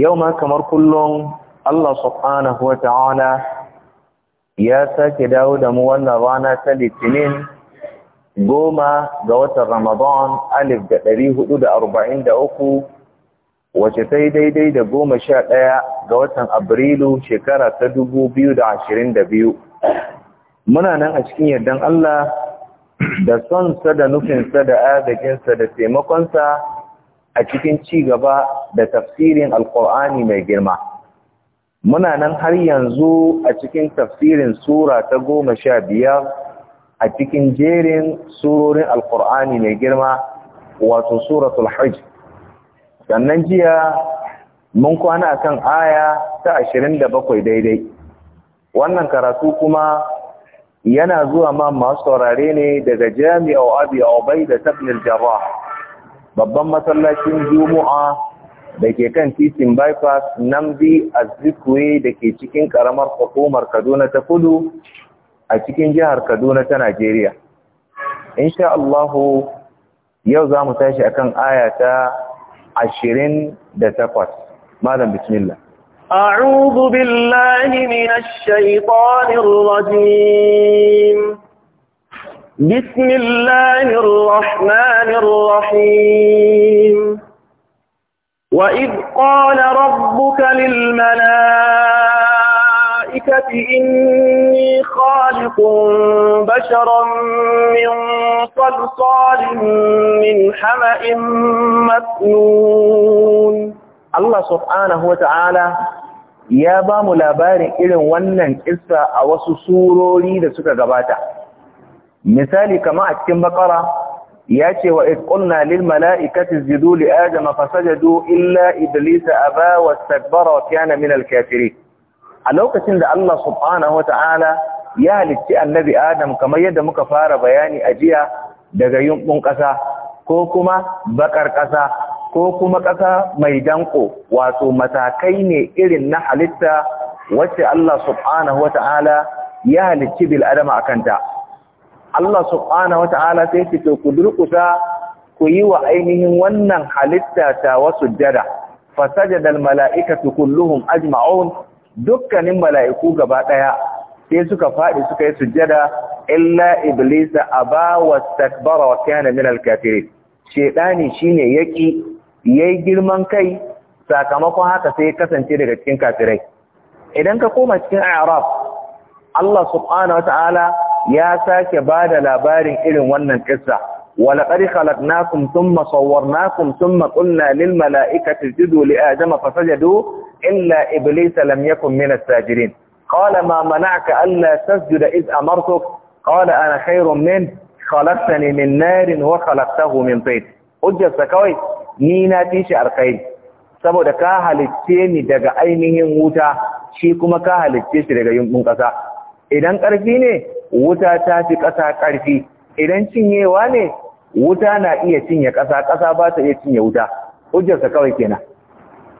yau ma kamar kullum Allah subhanahu wa ta'ala ya sake dawo da mu wannan rana ta litinin goma ga watan Ramadan alif da ɗari hudu da arba'in da uku wace ta yi daidai da goma sha ɗaya ga watan Abrilu shekara ta dubu biyu da ashirin da biyu. Muna nan a cikin yardan Allah da sonsa da nufinsa da agajinsa da taimakonsa a cikin ci gaba da tafsirin alkur'ani mai girma muna nan har yanzu a cikin tafsirin sura ta goma sha biyar a cikin jerin surorin alkur'ani mai girma wato suratul hajj sannan jiya mun kwana akan aya ta ashirin da bakwai daidai wannan karatu kuma yana zuwa ma masu saurare ne daga jami'a abi obai da tabnil jarrah babban masallacin jumu'a da ke kan titin bypass namdi azikwe da ke cikin karamar hukumar kaduna ta kudu a cikin jihar kaduna ta najeriya insha allahu yau za mu tashi a kan ta ashirin da takwas malam bismillah أعوذ بالله من الشيطان الرجيم بسم الله الرحمن الرحيم وإذ قال ربك للملائكة إني خالق بشرا من صلصال من حمأ مسنون الله سبحانه وتعالى يا بام لا بارئ irin ونن إسا a wasu surori misali kama a cikin bakara ya ce wa isqulna lil mala'ikati zidu li adama fasajadu illa iblisa aba wastakbara wa kana min al a lokacin da Allah subhanahu Ta'ala ya halicci annabi adam kamar yadda muka fara bayani a jiya daga yumbun ƙasa ko kuma bakar ƙasa ko kuma ƙasa mai danko wato matakai ne irin na halitta wacce Allah subhanahu Ta'ala ya halicci bil adama kanta. Allah subhanahu wata'ala sai ce to ku durƙusa ku yi wa ainihin wannan halitta ta wasu jada fasajada almala'ikatu kulluhum ajma'un dukkanin mala'iku gaba daya sai suka faɗi suka yi sujjada illa iblisa aba wastakbara wa kana min alkafirin shedani shine yaki yayi girman kai sakamakon haka sai kasance daga cikin kafirai idan ka koma cikin Arab, Allah subhanahu wata'ala ya sake ba da labarin irin wannan kissa ولقد خلقناكم ثم صورناكم ثم قلنا للملائكة اسجدوا لآدم فسجدوا إلا إبليس لم يكن من الساجدين قال ما منعك ألا تسجد إذ أمرتك قال أنا خير منه خلقتني من نار وخلقته من طين أجلس سكوي نينا تيشي أرقين saboda ka halicce ni daga ainihin wuta shi kuma ka halicce shi daga yunkun wuta ta fi ƙasa ƙarfi idan cinyewa ne wuta na iya cinye ƙasa ƙasa ba ta iya cinye wuta hujjarsa kawai kenan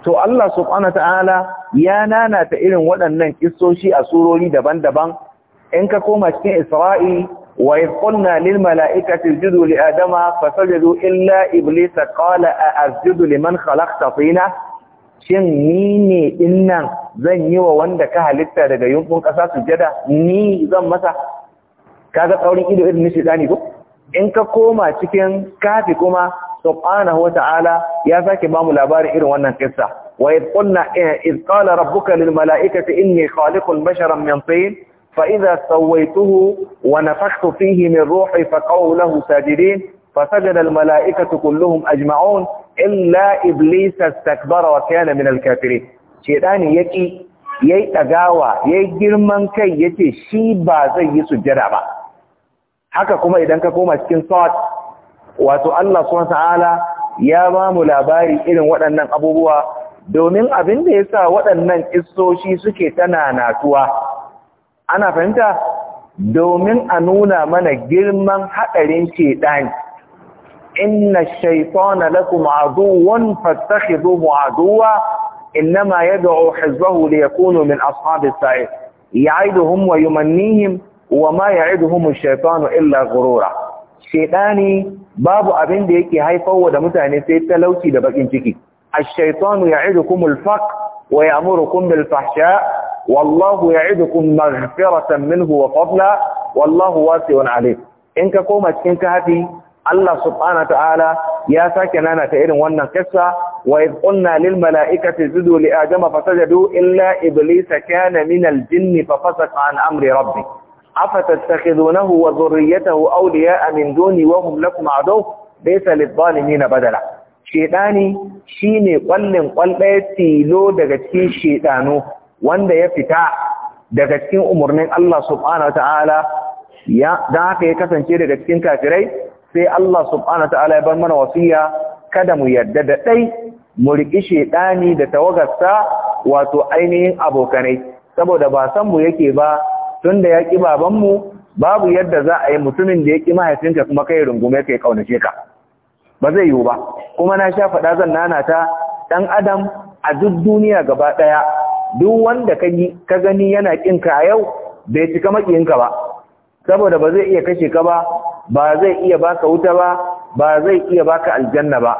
to Allah subhanahu ta'ala ya ta irin waɗannan kissoshi a surori daban-daban in ka koma cikin Isra'i wa idh qulna lil mala'ikati isjudu li adama fasajadu illa iblisa qala a asjudu liman khalaqta tina shin ni ne dinnan zan yi wa wanda ka halitta daga yunkun ƙasa sujada ni zan masa Ka ga tsaurin ido irin nishidani ko in ka koma cikin kafi kuma subhanahu wata'ala ya sake bamu labarin irin wannan kissa wa id qulna eh, id qala rabbuka lil malaikati inni khaliqul basharan min tin fa idza sawaituhu wa nafakhtu fihi min lahu sajidin fa sajada al malaikatu kulluhum ajma'un illa iblis astakbara wa kana min al kafirin yaki yayi dagawa yayi girman kai yace shi ba zai yi sujjada ba haka kuma idan ka koma cikin sawat wato Allah subhanahu ya ba mu labari irin waɗannan abubuwa domin abin da yasa waɗannan issoshi suke tana natuwa ana fahimta domin a nuna mana girman haɗarin shaiɗani inna shaitana lakum aduwwan fattakhidhuhu aduwwa innama yad'u hizbahu liyakunu min ashabis sa'ir ya'iduhum wa yumannihim wa ma ya'iduhum shaytanu illa gurura shaytani babu abin da yake haifarwa da mutane sai talauci da bakin ciki ash ya ya'idukum al-faqr wa ya'murukum bil fahsha wallahu ya'idukum maghfiratan minhu wa fadla wallahu wani 'alim in ka koma cikin kafi Allah subhanahu ta'ala ya sake nana ta irin wannan kissa wa idh qulna lil mala'ikati isjudu li adama fasajadu illa iblisa kana min al jinni fa fasaqa an amri rabbih afatattakhidunahu wa dhurriyyatahu awliya'a min "Doni wa hum lakum a'daw laysa lidh-dhalimina badala shaytani shine ƙwallin kwaldaye tilo daga cikin shaytano wanda ya fita daga cikin umarnin Allah subhanahu wata'ala ya da haka ya kasance daga cikin kafirai sai Allah subhanahu ya bar mana wasiya kada mu yarda da ɗai mu riki shaiɗani da tawagarsa wato ainihin abokanai saboda ba san mu yake ba Tunda da ya ƙi babanmu babu yadda za a yi mutumin da ya ƙi mahaifinka kuma kai rungume kai kaunace ka ba zai yiwu ba kuma na sha faɗa zan nana ta ɗan adam a duk duniya gaba ɗaya duk wanda ka yi ka gani yana ƙin ka a yau bai cika maƙiyinka ba saboda ba zai iya kashe ka ba ba zai iya baka wuta ba ba zai iya baka aljanna ba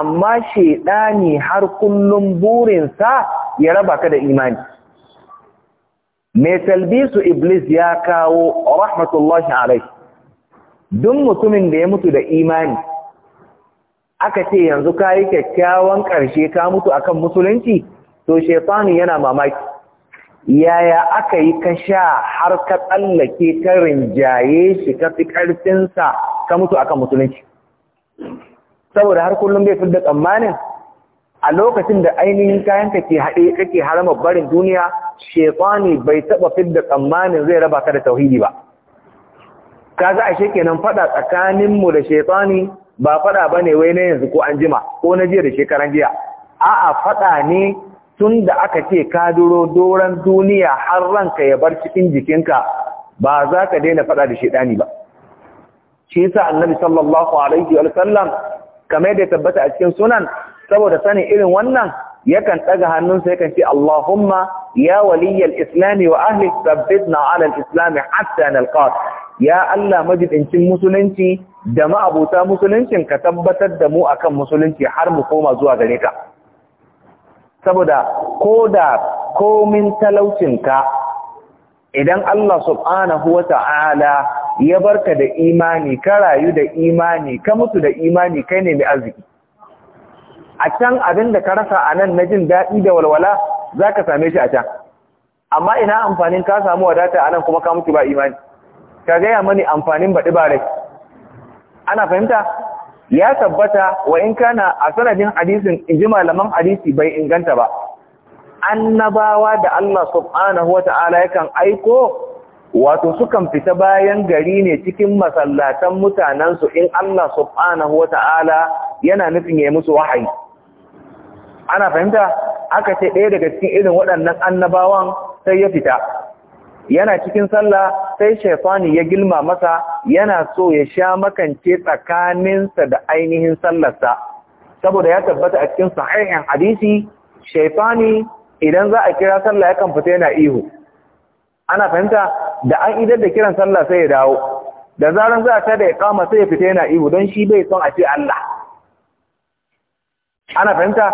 amma shedani har kullum burinsa ya raba ka da imani mai talbisu iblis ya kawo rahmatullahi alai duk mutumin da ya mutu da imani aka ce yanzu ka yi kyakkyawan ƙarshe ka mutu akan musulunci to shaifani yana mamaki yaya aka yi ka sha har ka tsallake ta rinjaye shi ka fi ƙarfinsa ka mutu akan musulunci saboda har kullum bai fi da tsammanin a lokacin da ainihin kayanka ke haɗe kake harama barin duniya shekwani bai taɓa fidda tsammanin zai raba ka da tauhidi ba ka za a shekenan faɗa tsakaninmu da shekwani ba faɗa ba ne wai na yanzu ko an jima ko na jiya da shekaran jiya a'a faɗa ne tun da aka ce ka duro doron duniya har ranka ya bar cikin jikinka ba za ka daina faɗa da shaidani ba shi sa annabi sallallahu alaihi wa sallam kamar da tabbata a cikin sunan saboda sanin irin wannan yakan ɗaga hannunsa yakan ce Allahumma ya waliyyal islami wa ahli na ala al-islami hatta nalqat ya Allah majidincin musulunci da ma'abuta musuluncin ka tabbatar da mu akan musulunci har mu koma zuwa gare ka saboda koda komin talaucinka idan Allah subhanahu wa ta'ala ya barka da imani ka rayu da imani ka mutu da imani kai ne mai arziki a can abin da ka rasa a nan na jin daɗi da walwala za ka same shi a can amma ina amfanin ka samu wadata a nan kuma ka mutu ba imani ka gaya mani amfanin baɗi ba rai ana fahimta ya tabbata wa in kana a sanadin hadisin in ji malaman hadisi bai inganta ba annabawa da Allah subhanahu wa ta'ala yakan aiko wato sukan fita bayan gari ne cikin masallatan mutanensu in Allah subhanahu wa ta'ala yana nufin ya musu wahayi. ana fahimta aka ce ɗaya daga cikin irin waɗannan annabawan sai ya fita yana cikin sallah sai shaifani ya gilma masa yana so ya sha makance tsakaninsa da ainihin sallarsa saboda ya tabbata a cikin sahihin hadisi shaifani idan za a kira sallah yakan fita yana ihu ana fahimta da an idar da kiran sallah sai ya dawo da zaran za a tada ya kama sai ya fita yana ihu don shi bai son a ce Allah ana fahimta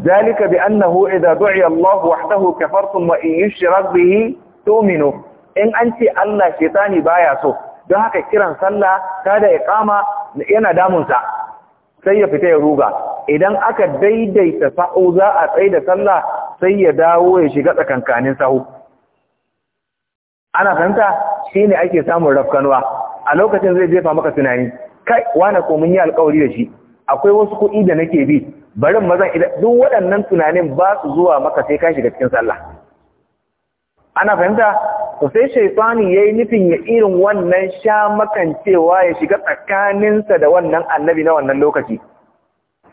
ذلك بأنه إذا دعي الله وحده كفرتم وإن يشرك به تؤمنوا إن أنت الله شيطاني بايا don haka kiran sallah kada iqama yana damunsa sai ya fita ya ruga idan aka daidaita sa'o za a tsaye da sallah sai ya dawo ya shiga tsakankanin sahu ana fahimta shine ake samun rafkanwa a lokacin zai jefa maka tunani kai wane ko mun yi alƙawari da shi akwai wasu kuɗi da nake bi barin mazan idan duk waɗannan tunanin ba su zuwa maka sai ka shiga cikin sallah ana fahimta to sai shaytani yayi nufin ya irin wannan sha cewa ya shiga tsakaninsa da wannan annabi na wannan lokaci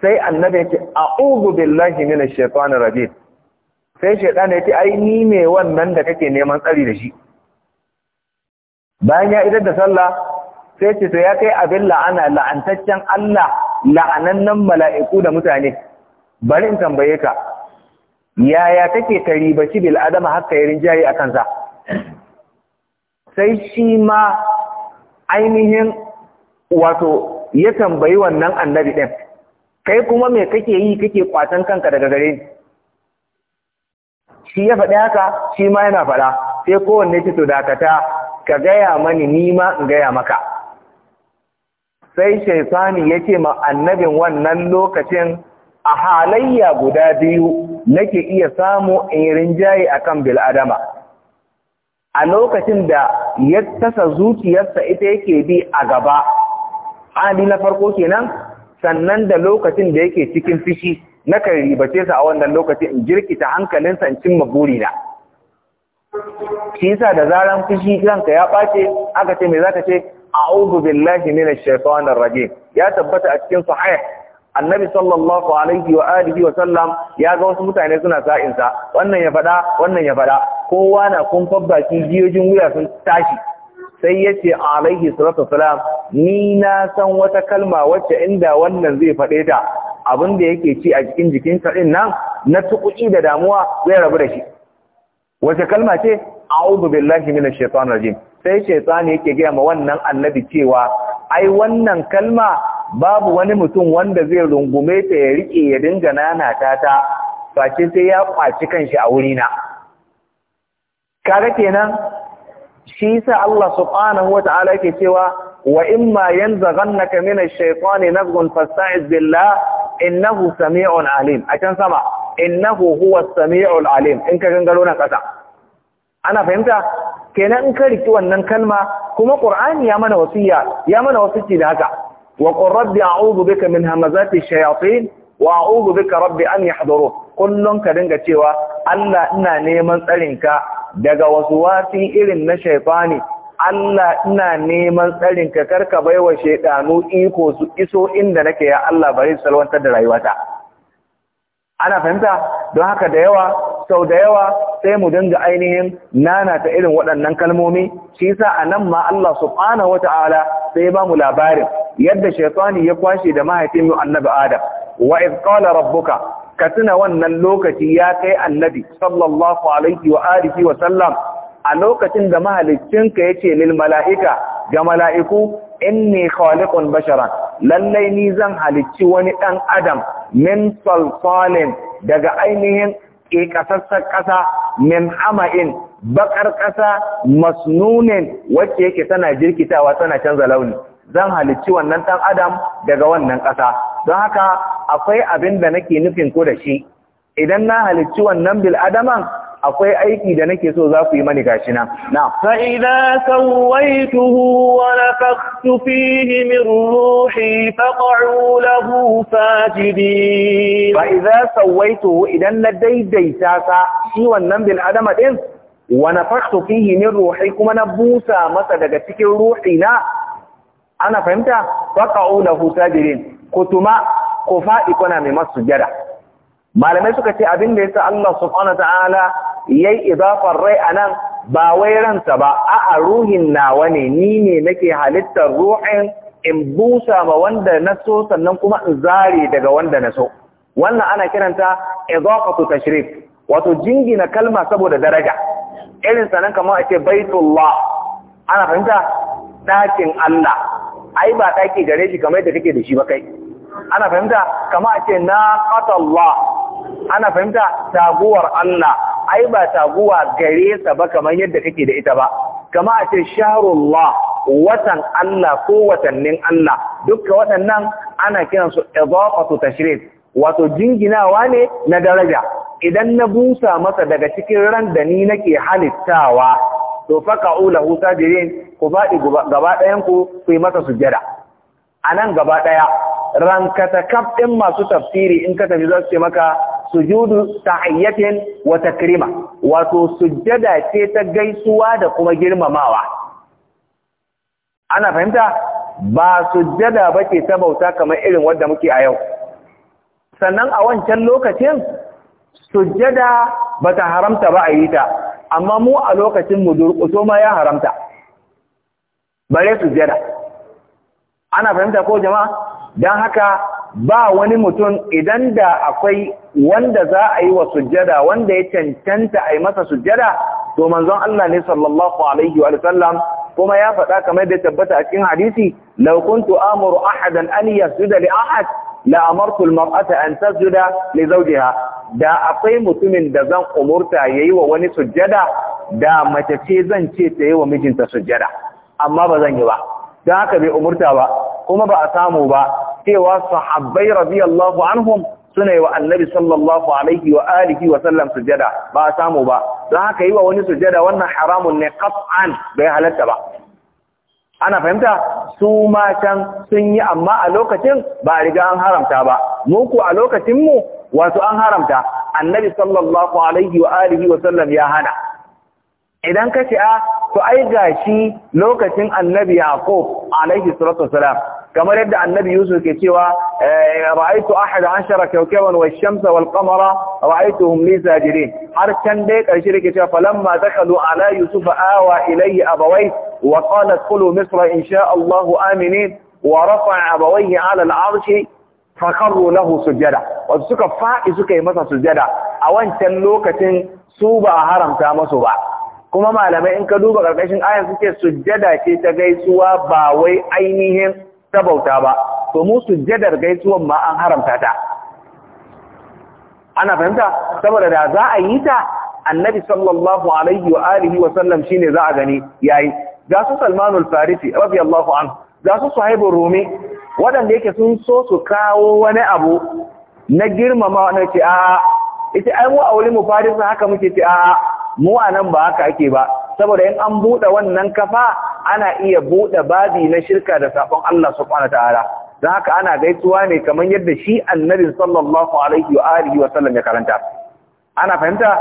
sai annabi ya ce a'udhu billahi minash shaitanir rajim sai shaytani ya ce ai ni ne wannan da kake neman tsari da shi bayan ya idar da sallah sai ce to ya kai abin la'ana la'antaccen Allah la'anannan mala'iku da mutane bari in tambaye ka yaya kake ka ribaci bil adama haka ya rinjaye a kansa sai shi ma ainihin wato ya tambayi wannan annabi ɗin kai kuma me kake yi kake kwatan kanka daga gare ni shi ya faɗi haka shi ma yana faɗa sai kowanne ce to dakata ka gaya mani ni ma in gaya maka sai shaitani ya ce ma annabin wannan lokacin a halayya guda biyu nake iya samu in rinjaye akan bil'adama a lokacin da ya tasa zuciyarsa ita yake bi a gaba hali na farko kenan sannan da lokacin da yake cikin fishi nakan ribace sa a wannan lokacin in jirkita hankalinsa in cimma burina shi yasa da zaran fushi ranka ya ɓace aka ce me zaka ce a'udhu billahi minash shaitanir rajim ya tabbata a cikin sahih annabi sallallahu alaihi wa alihi wa sallam ya ga wasu mutane suna sa'in sa wannan ya fada wannan ya fada kowa na kun fabbaki jiyojin wuya sun tashi sai yace alaihi salatu wasalam ni na san wata kalma wacce inda wannan zai fade ta abin da yake ci a cikin jikin sa din nan na tukuci da damuwa zai rabu da shi wace kalma ce a'udhu billahi minash shaitanir rajim sai shaitani yake gaya ma wannan annabi cewa ai wannan kalma babu wani mutum wanda zai rungume ta ya rike ya dinga nana ta face sai ya kwaci kanshi a wuri na kaga kenan shi yasa Allah subhanahu wataala yake cewa wa imma yanzaghannaka ash shaitani nazghun fasta'iz billah innahu sami'un alim a can sama innahu as sami'ul alim in ka gangaro na kasa ana fahimta kenan in ka riki wannan kalma kuma qur'ani ya mana wasiya ya mana wasici da haka wa qur rabbi a'udhu bika min hamazati shayatin wa a'udhu bika rabbi an yahdurun kullun ka dinga cewa Allah ina neman tsarinka daga wasu wasi irin na shaytani Allah ina neman tsarinka karka baiwa shaiɗanu iko su iso inda nake ya Allah bari salwantar da rayuwata ana fahimta don haka da yawa sau da yawa sai mu dinga ainihin nana ta irin waɗannan kalmomi shi a nan ma Allah subhanahu wata'ala sai ya bamu labarin yadda shaitani ya kwashe da mahaifin mu annabi Adam wa iz qala rabbuka ka tuna wannan lokaci ya kai annabi sallallahu alaihi wa alihi wa sallam a lokacin da mahaliccinka yace lil mala'ika ga mala'iku inni khaliqun basharan lallai ni zan halicci wani dan adam min salfalin daga ainihin ƙiƙasassar ƙasa min hama'in baƙar ƙasa masnunin wacce yake tana jirkitawa tana canza launi zan halicci wannan ɗan adam daga wannan ƙasa don haka akwai abin da nake nufin ko da shi idan na halicci wannan bil'adaman. akwai aiki da nake so za ku yi mani gashi na na fa idza sawaituhu wa fihi min ruhi faq'u lahu sajidin fa idza idan na daidaita sa shi wannan bin adama din wa nafakhtu fihi min ruhi kuma na busa masa daga cikin ruhi na ana fahimta faq'u lahu sajidin kutuma ko faɗi kuna mai masu jada malamai suka ce abin da yasa Allah subhanahu ta'ala yayi idafar rai anan ba wai ranta ba a'a ruhin nawa ne ni ne nake halittar ruhin in busa ma wanda na so sannan kuma in zare daga wanda na so wannan ana kiranta idafatu tashrif wato jingina kalma saboda daraja irin sanan kamar ake baitullah ana fahimta dakin Allah ai ba daki gare shi kamar yadda kake da shi ba kai ana fahimta kama ake naqatallah ana fahimta taguwar Allah ai ba taguwa gare sa ba kamar yadda kake da ita ba kama ake shahrullah watan Allah ko watannin Allah dukkan waɗannan ana su idafatu tashrif wato jinginawa ne na daraja idan na busa masa daga cikin ran da ni nake halittawa to faka ula huta jirin ku faɗi gaba ɗayan ku ku yi masa sujjada anan nan gaba ɗaya rankata kaf ɗin masu tafsiri in ka tafi za ce maka sujudu tahiyyatin wa takrima wato sujjada ce ta gaisuwa da kuma girmamawa ana fahimta ba sujjada bace ta bauta kamar irin wanda muke a yau sannan a wancan lokacin sujjada bata haramta ba a yi ta amma mu a lokacin mu durƙuso ma ya haramta bare sujjada ana fahimta ko jama'a don haka ba wani mutum idan da akwai wanda za a yi wa sujjada wanda ya cancanta a yi masa sujjada to manzon Allah ne sallallahu alaihi wa sallam kuma ya faɗa kamar da tabbata a cikin hadisi Laukuntu amuru ahadan an yasjuda li ahad la amartu al an tasjuda li zawjiha da akwai mutumin da zan umurta yayi wa wani sujjada da mace ce zan ce ta yi wa mijinta sujjada amma ba zan yi ba don haka bai umurta ba kuma ba a samu ba cewa sahabbai radiyallahu anhum suna yi wa annabi sallallahu alaihi wa alihi wa sallam sujada ba a samu ba don haka yi wa wani sujada wannan haramun ne qat'an bai halatta ba ana fahimta su matan sun yi amma a lokacin ba a riga an haramta ba mu ku a lokacin mu wato an haramta annabi sallallahu alaihi wa alihi wa sallam ya hana idan ka ce a ah, to ai gashi lokacin annabi yaqub alaihi salatu wasalam kamar yadda annabi yusuf ke cewa eh, ra'aytu ahad ashara kawkaban wash-shamsa wal-qamara ra'aytuhum li sajirin har can dai karshe yake cewa falamma dakalu ala yusuf awa ilayhi abawai wa qala dkhulu misra insha Allah aminin wa rafa'a abawayhi ala al-arshi fakarru lahu sujada wasu suka faɗi suka yi masa sujada a wancan lokacin su ba haramta masu ba kuma malamai in ka duba ƙarƙashin ayan suke sujjada ce ta gaisuwa ba wai ainihin sabauta ba to mu sujjadar gaisuwan ma an haramta ta ana fahimta saboda da za a yi ta annabi sallallahu alaihi wa alihi wa sallam ne za a gani yayi ga su salmanul farisi Allahu anhu ga su suhaibur rumi waɗanda yake sun so su kawo wani abu na girmama na ce a'a ita ai mu a wuri mu farisa haka muke ce a mu anan ba haka ake ba saboda in an buɗe wannan kafa ana iya buɗe babi na shirka da sabon Allah subhanahu wataala dan haka ana gaisuwa ne kamar yadda shi annabi sallallahu alaihi wa alihi wa sallam ya karanta ana fahimta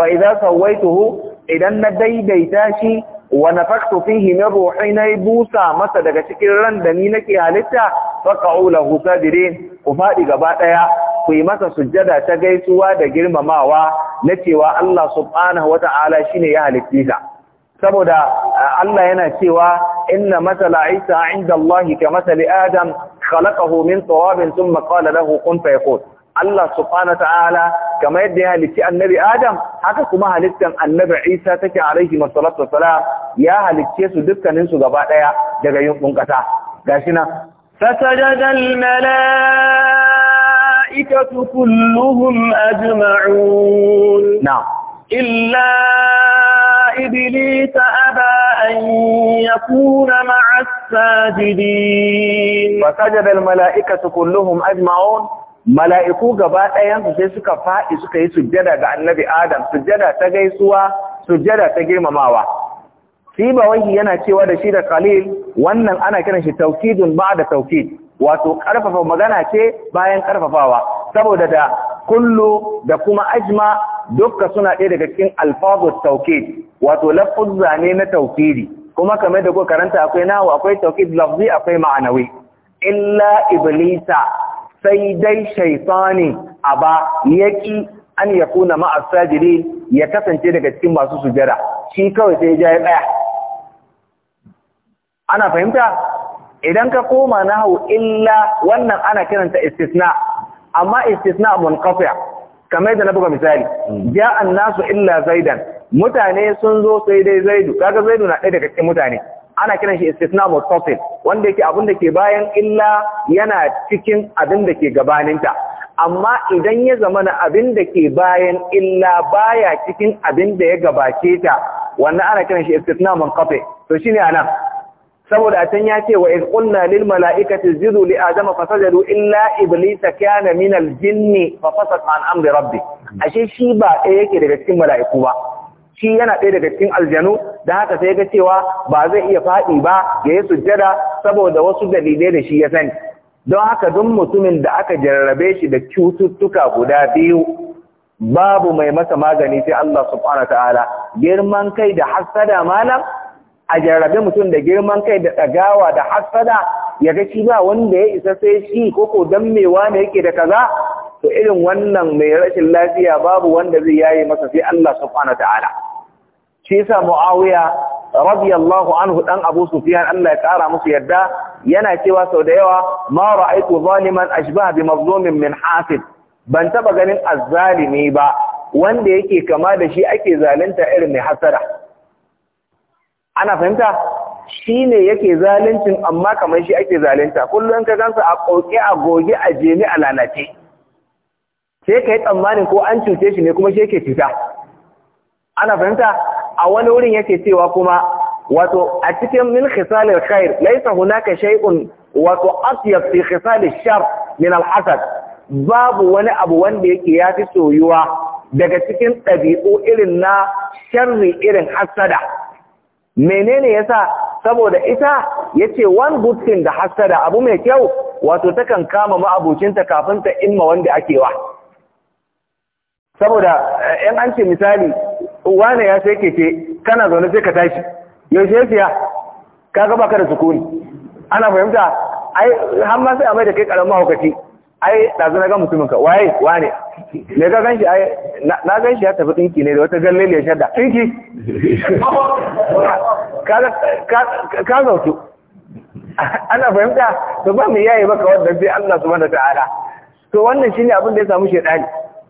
fa idza sawaituhu idan na daidaita shi wa nafaktu fihi min ruhi na busa masa daga cikin ran da ni nake halitta faqa'u lahu sadirin ku fadi gaba daya ku yi masa sujjada ta gaisuwa da girmamawa na cewa Allah subhanahu shi shine ya halitta ka saboda Allah yana cewa inna matala Isa inda Allah ka matali Adam khalaqahu min turabin thumma qala lahu kun fayakun Allah subhanahu ta'ala kama yadda ya halitti annabi Adam haka kuma halittan annabi Isa take alaihi wasallatu ya halicce su dukkaninsu gaba ɗaya daga yunkun kasa gashi nan fasajada al الملائكة كلهم أجمعون نعم إلا إبليس أبى أن يكون مع الساجدين فسجد الملائكة كلهم أجمعون mala'iku gaba ɗayansu sai suka faɗi suka yi sujjada ga annabi Adam, sujjada ta gaisuwa, sujjada ta girmamawa. Sima wahi yana cewa da shi da Khalil wannan ana kiran shi taukidun ba da taukid. wato ƙarfafa magana ce bayan ƙarfafawa. saboda da kullu da kuma ajma dukka suna ɗaya daga cikin alfabus taukid wato lafuzza ne na taukidi kuma kamar da kuka karanta akwai nawa, akwai taukid lafzi akwai ma'anawi illa iblisa sai dai Shaifanin aba yaki an ya kuna ma'a jiri ya kasance daga cikin masu sujada shi kawai sai ya ja ya ana fahimta idan ka koma hau illa wannan ana kiranta istisna amma istisna kafa kamar da na buga misali hmm. ja annasu illa zaidan mutane sun zo sai dai zaidu kaga zaidu na ɗaya daga cikin mutane ana kiran shi istisna muttasil wanda yake abin da ke bayan illa yana cikin abin da ke gabaninta amma idan ya zama na abin da ke bayan illa baya cikin abin da ya gabace ta wannan ana kiran shi istisna munqati to shine anan saboda a can ya ce wa iz qulna lil mala'ikati isjudu li adama fasajadu illa iblisa kana min al jinni fa fasaqa an amri rabbi ashe shi ba ɗaya yake daga cikin mala'iku ba shi yana ɗaya daga cikin aljanu da haka sai ga cewa ba zai iya faɗi ba ya yi sujjada saboda wasu dalilai da shi ya sani don haka duk mutumin da aka jarrabe shi da cututtuka guda biyu babu mai masa magani sai Allah subhanahu ta'ala girman kai da hasada malam a jarrabe mutum da girman kai da ɗagawa da hasada ya ga shi ba wanda ya isa sai shi koko dan mewa ne yake da kaza to irin wannan mai rashin lafiya babu wanda zai yaye masa sai Allah subhanahu ta'ala shi yasa Muawiya radiyallahu anhu dan Abu Sufyan Allah ya kara musu yadda yana cewa sau da yawa ma ra'aytu zaliman ashbaha bi mazlumin min hasid ban taba ganin azzalimi ba wanda yake kama da shi ake zalunta irin mai hasada. ana fahimta shi ne yake zaluncin amma kamar shi ake zalunta kullum ka gansa a ƙauke a goge a jemi a lalace sai ka yi tsammanin ko an cuce shi ne kuma shi yake cuta ana fahimta a wani wurin yake cewa kuma wato a cikin min khisalil khair laisa hunaka shay'un wato atyab fi khisalil shar min al babu wani abu wanda yake yafi soyuwa daga cikin ɗabi'u irin na sharri irin hasada menene yasa saboda ita yace one good thing da hasada abu mai kyau wato takan kama ma'abucinta kafin ta imma wanda ake wa saboda yan eh, an ce misali wane ya sai keke kana zaune sai ka tashi yaushe ya siya ka gaba ka da sukuni ana fahimta ai har ma sai a mai da kai karamin mahaukaci ai ɗazu na ga mutumin ka waye wane ne ka ganshi ai na ganshi ya tafi ɗinki ne da wata galle ne shadda ɗinki ka zautu ana fahimta to ba mu yayi baka wanda sai Allah subhanahu ta'ala to wannan shine abin da ya samu shedani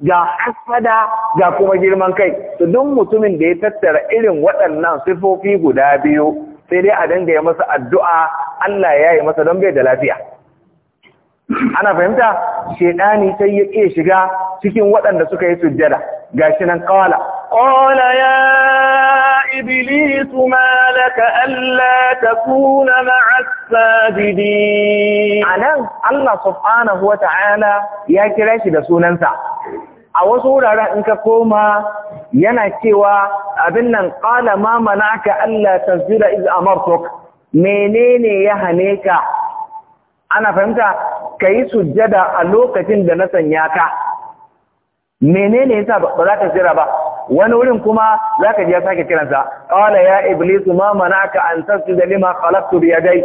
ga hasada ga kuma girman kai to duk mutumin da ya tattara irin waɗannan sifofi guda biyu sai dai a danga ya masa addu'a Allah ya yi masa don bai da lafiya ana fahimta shedani sai ya ke shiga cikin waɗanda suka yi sujjada gashi nan qala qala ya iblis ma laka kuna takuna ma'a A nan, Allah subhanahu Ta'ala ya kira shi da sunansa a wasu wuraren in ka koma yana cewa abin nan ƙala ma Allah ta zira iz amartuk menene ya hane ka ana fahimta ka yi sujjada a lokacin da na sanya ka menene yasa ba za ka tsira ba wani wurin kuma za ka ji ya sake kiransa qala ya iblis ma manaka an tasjuda lima khalaqtu bi yadai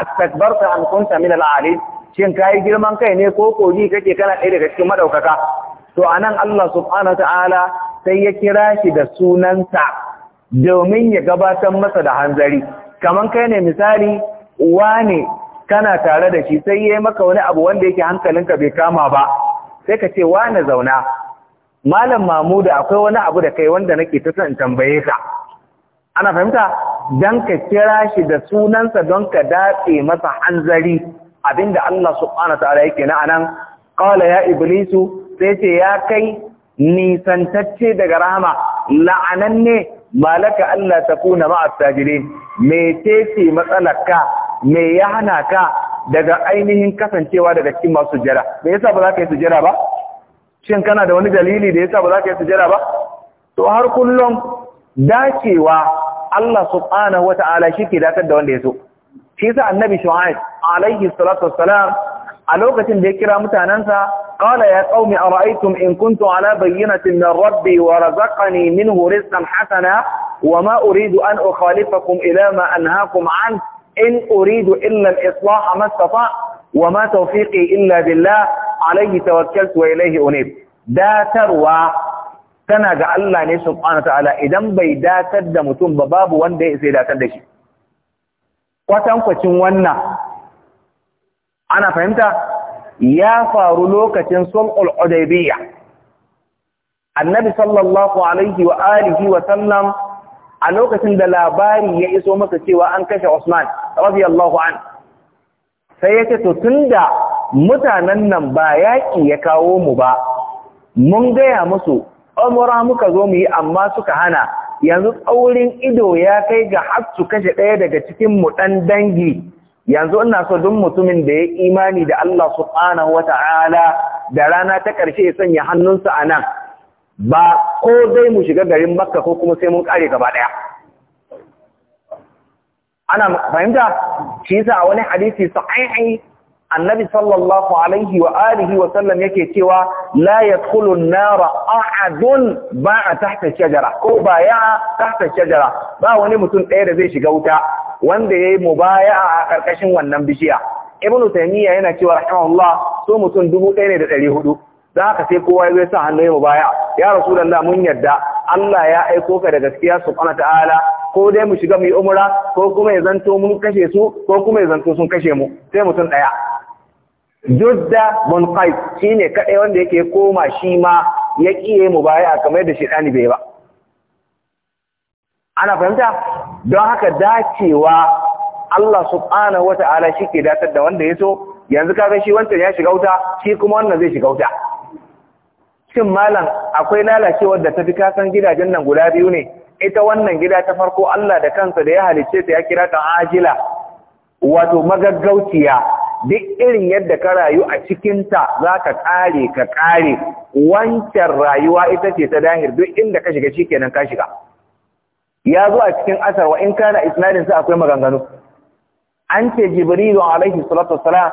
astakbarta an kunta min al-ali shin kai girman kai ne ko koji kake kana ɗaya daga cikin madaukaka to anan Allah subhanahu ta'ala sai ya kira shi da sunansa domin ya gabatar masa da hanzari kaman kai ne misali wane kana tare da shi sai yayi maka wani abu wanda yake hankalinka bai kama ba sai ka ce wani zauna malam mamudu akwai wani abu da kai wanda nake ta san tambaye ka ana fahimta dan ka kira shi da sunansa don ka datse masa hanzari abinda Allah subhanahu ta'ala yake na anan qala ya iblisu sai ce ya kai nisantacce daga rahama la'ananne malaka Allah ta kuna ma'a sajirin me ce matsalarka me ya hana ka daga ainihin kasancewa daga cikin masu jira? me yasa ba za ka yi sujjada ba shin kana da wani dalili da yasa ba za ka yi sujjada ba to har kullum dacewa Allah subhanahu wata'ala shi ke dakar da wanda ya so shi yasa annabi shu'aib alaihi salatu wassalam a lokacin da ya kira mutanansa qala ya qaumi ara'aytum in kuntu ala bayyinatin min rabbi wa razaqani minhu rizqan hasana wa ma uridu an ukhalifakum ila ma anhaakum anhu in uridu illa al-islah ma wa ma tawfiqi illa billah alayhi tawakkaltu wa ilayhi unib datarwa tana ga Allah ne subhanahu ta'ala idan bai datar da mutum ba babu wanda ya sai datar da shi kwatankwacin wannan ana fahimta ya faru lokacin sulhul hudaybiyya annabi sallallahu alaihi wa alihi wa sallam a lokacin da labari ya iso masa cewa an kashe Usman radiyallahu an sai ya ce to tunda mutanen nan ba yaƙi ya kawo mu ba mun gaya musu umra muka zo mu yi amma suka hana yanzu tsaurin ido ya kai ga har su kashe ɗaya daga cikin mu ɗan dangi yanzu ina so duk mutumin da ya imani da Allah subhanahu wata'ala da rana ta ƙarshe ya sanya hannunsa a nan ba ko dai mu shiga garin makka ko kuma sai mun kare gaba daya ana fahimta shi yasa a wani hadisi sahihi annabi sallallahu alaihi wa alihi wa sallam yake cewa la yadkhulu an-nara ahadun ba'a tahta shajara ko ba baya tahta shajara ba wani mutum ɗaya da zai shiga wuta wanda yayi mubaya'a a karkashin wannan bishiya ibnu taymiya yana cewa rahimahullah so mutum dubu 1400 za ka sai kowa ya sa hannu ya baya ya rasu rasulullah mun yadda Allah ya aiko ka da gaskiya subhanahu ta'ala ko dai mu shiga mu yi umra ko kuma ya zanto mun kashe su ko kuma ya zanto sun kashe mu sai mutum ɗaya. Judda bin Qais shine kadai wanda yake koma shi ma ya kiye mu baya kamar yadda shedani bai ba ana fahimta don haka dacewa Allah subhanahu wata'ala shi ke datar da wanda ya so yanzu kaga shi wancan ya shiga wuta shi kuma wannan zai shiga wuta shin malam akwai lalacewar da ta fi kasan gidajen nan guda biyu ne ita wannan gida ta farko Allah da kansa da ya halicce ta ya kira ta ajila wato magaggauciya duk irin yadda ka rayu a cikinta za ka kare ka kare, wancan rayuwa ita ce ta dahir duk inda ka shiga shi kenan ka shiga ya zo a cikin asar wa in kana isnadin sa akwai maganganu an ce jibrilu alaihi salatu wasalam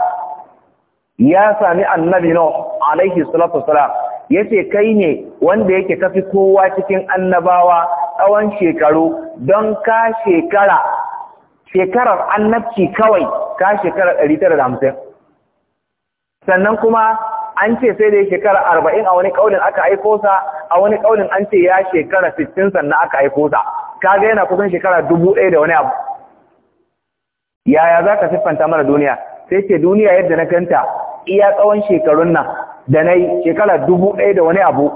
ya sami annabi no alaihi salatu wasalam yace kai ne wanda yake kafi kowa cikin annabawa tsawon shekaru don ka shekara shekarar annabci kawai ka shekarar 950 sannan kuma an ce sai da shekara 40 a wani kaulin aka aiko sa a wani kaulin an ce ya shekara 60 sannan aka aiko sa kaga yana kusan shekara 1000 da wani abu yaya zaka siffanta mana duniya sai ce duniya yadda na kanta iya tsawon shekarun nan da na yi dubu ɗaya da wani abu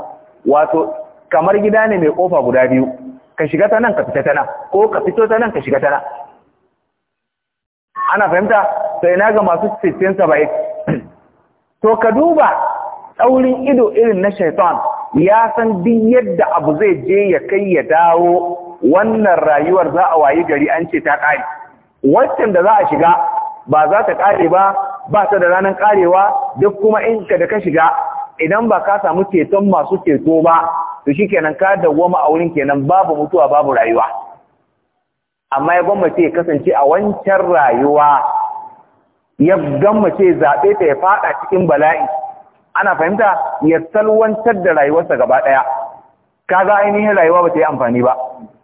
wato kamar gida ne mai ƙofa guda biyu ka shiga ta nan ka fita ta nan ko ka fito ta nan ka shiga ta nan ana fahimta sai na ga masu sittin sabai to ka duba tsaurin ido irin na shaitan ya san duk yadda abu zai je ya kai ya dawo wannan rayuwar za a wayi gari an ce ta ƙare waccan da za a shiga ba za ta ƙare ba ba ta da ranar karewa duk kuma in ka da ka shiga idan ba ka samu ceton masu ceto ba to shi kenan ka dawo a wurin kenan babu mutuwa babu rayuwa amma ya gwammace ya kasance a wancan rayuwa ya gammace zaɓe ta ya faɗa cikin bala'i ana fahimta ya salwantar da rayuwarsa gaba ɗaya Ka kaga ainihin rayuwa ba ta yi amfani ba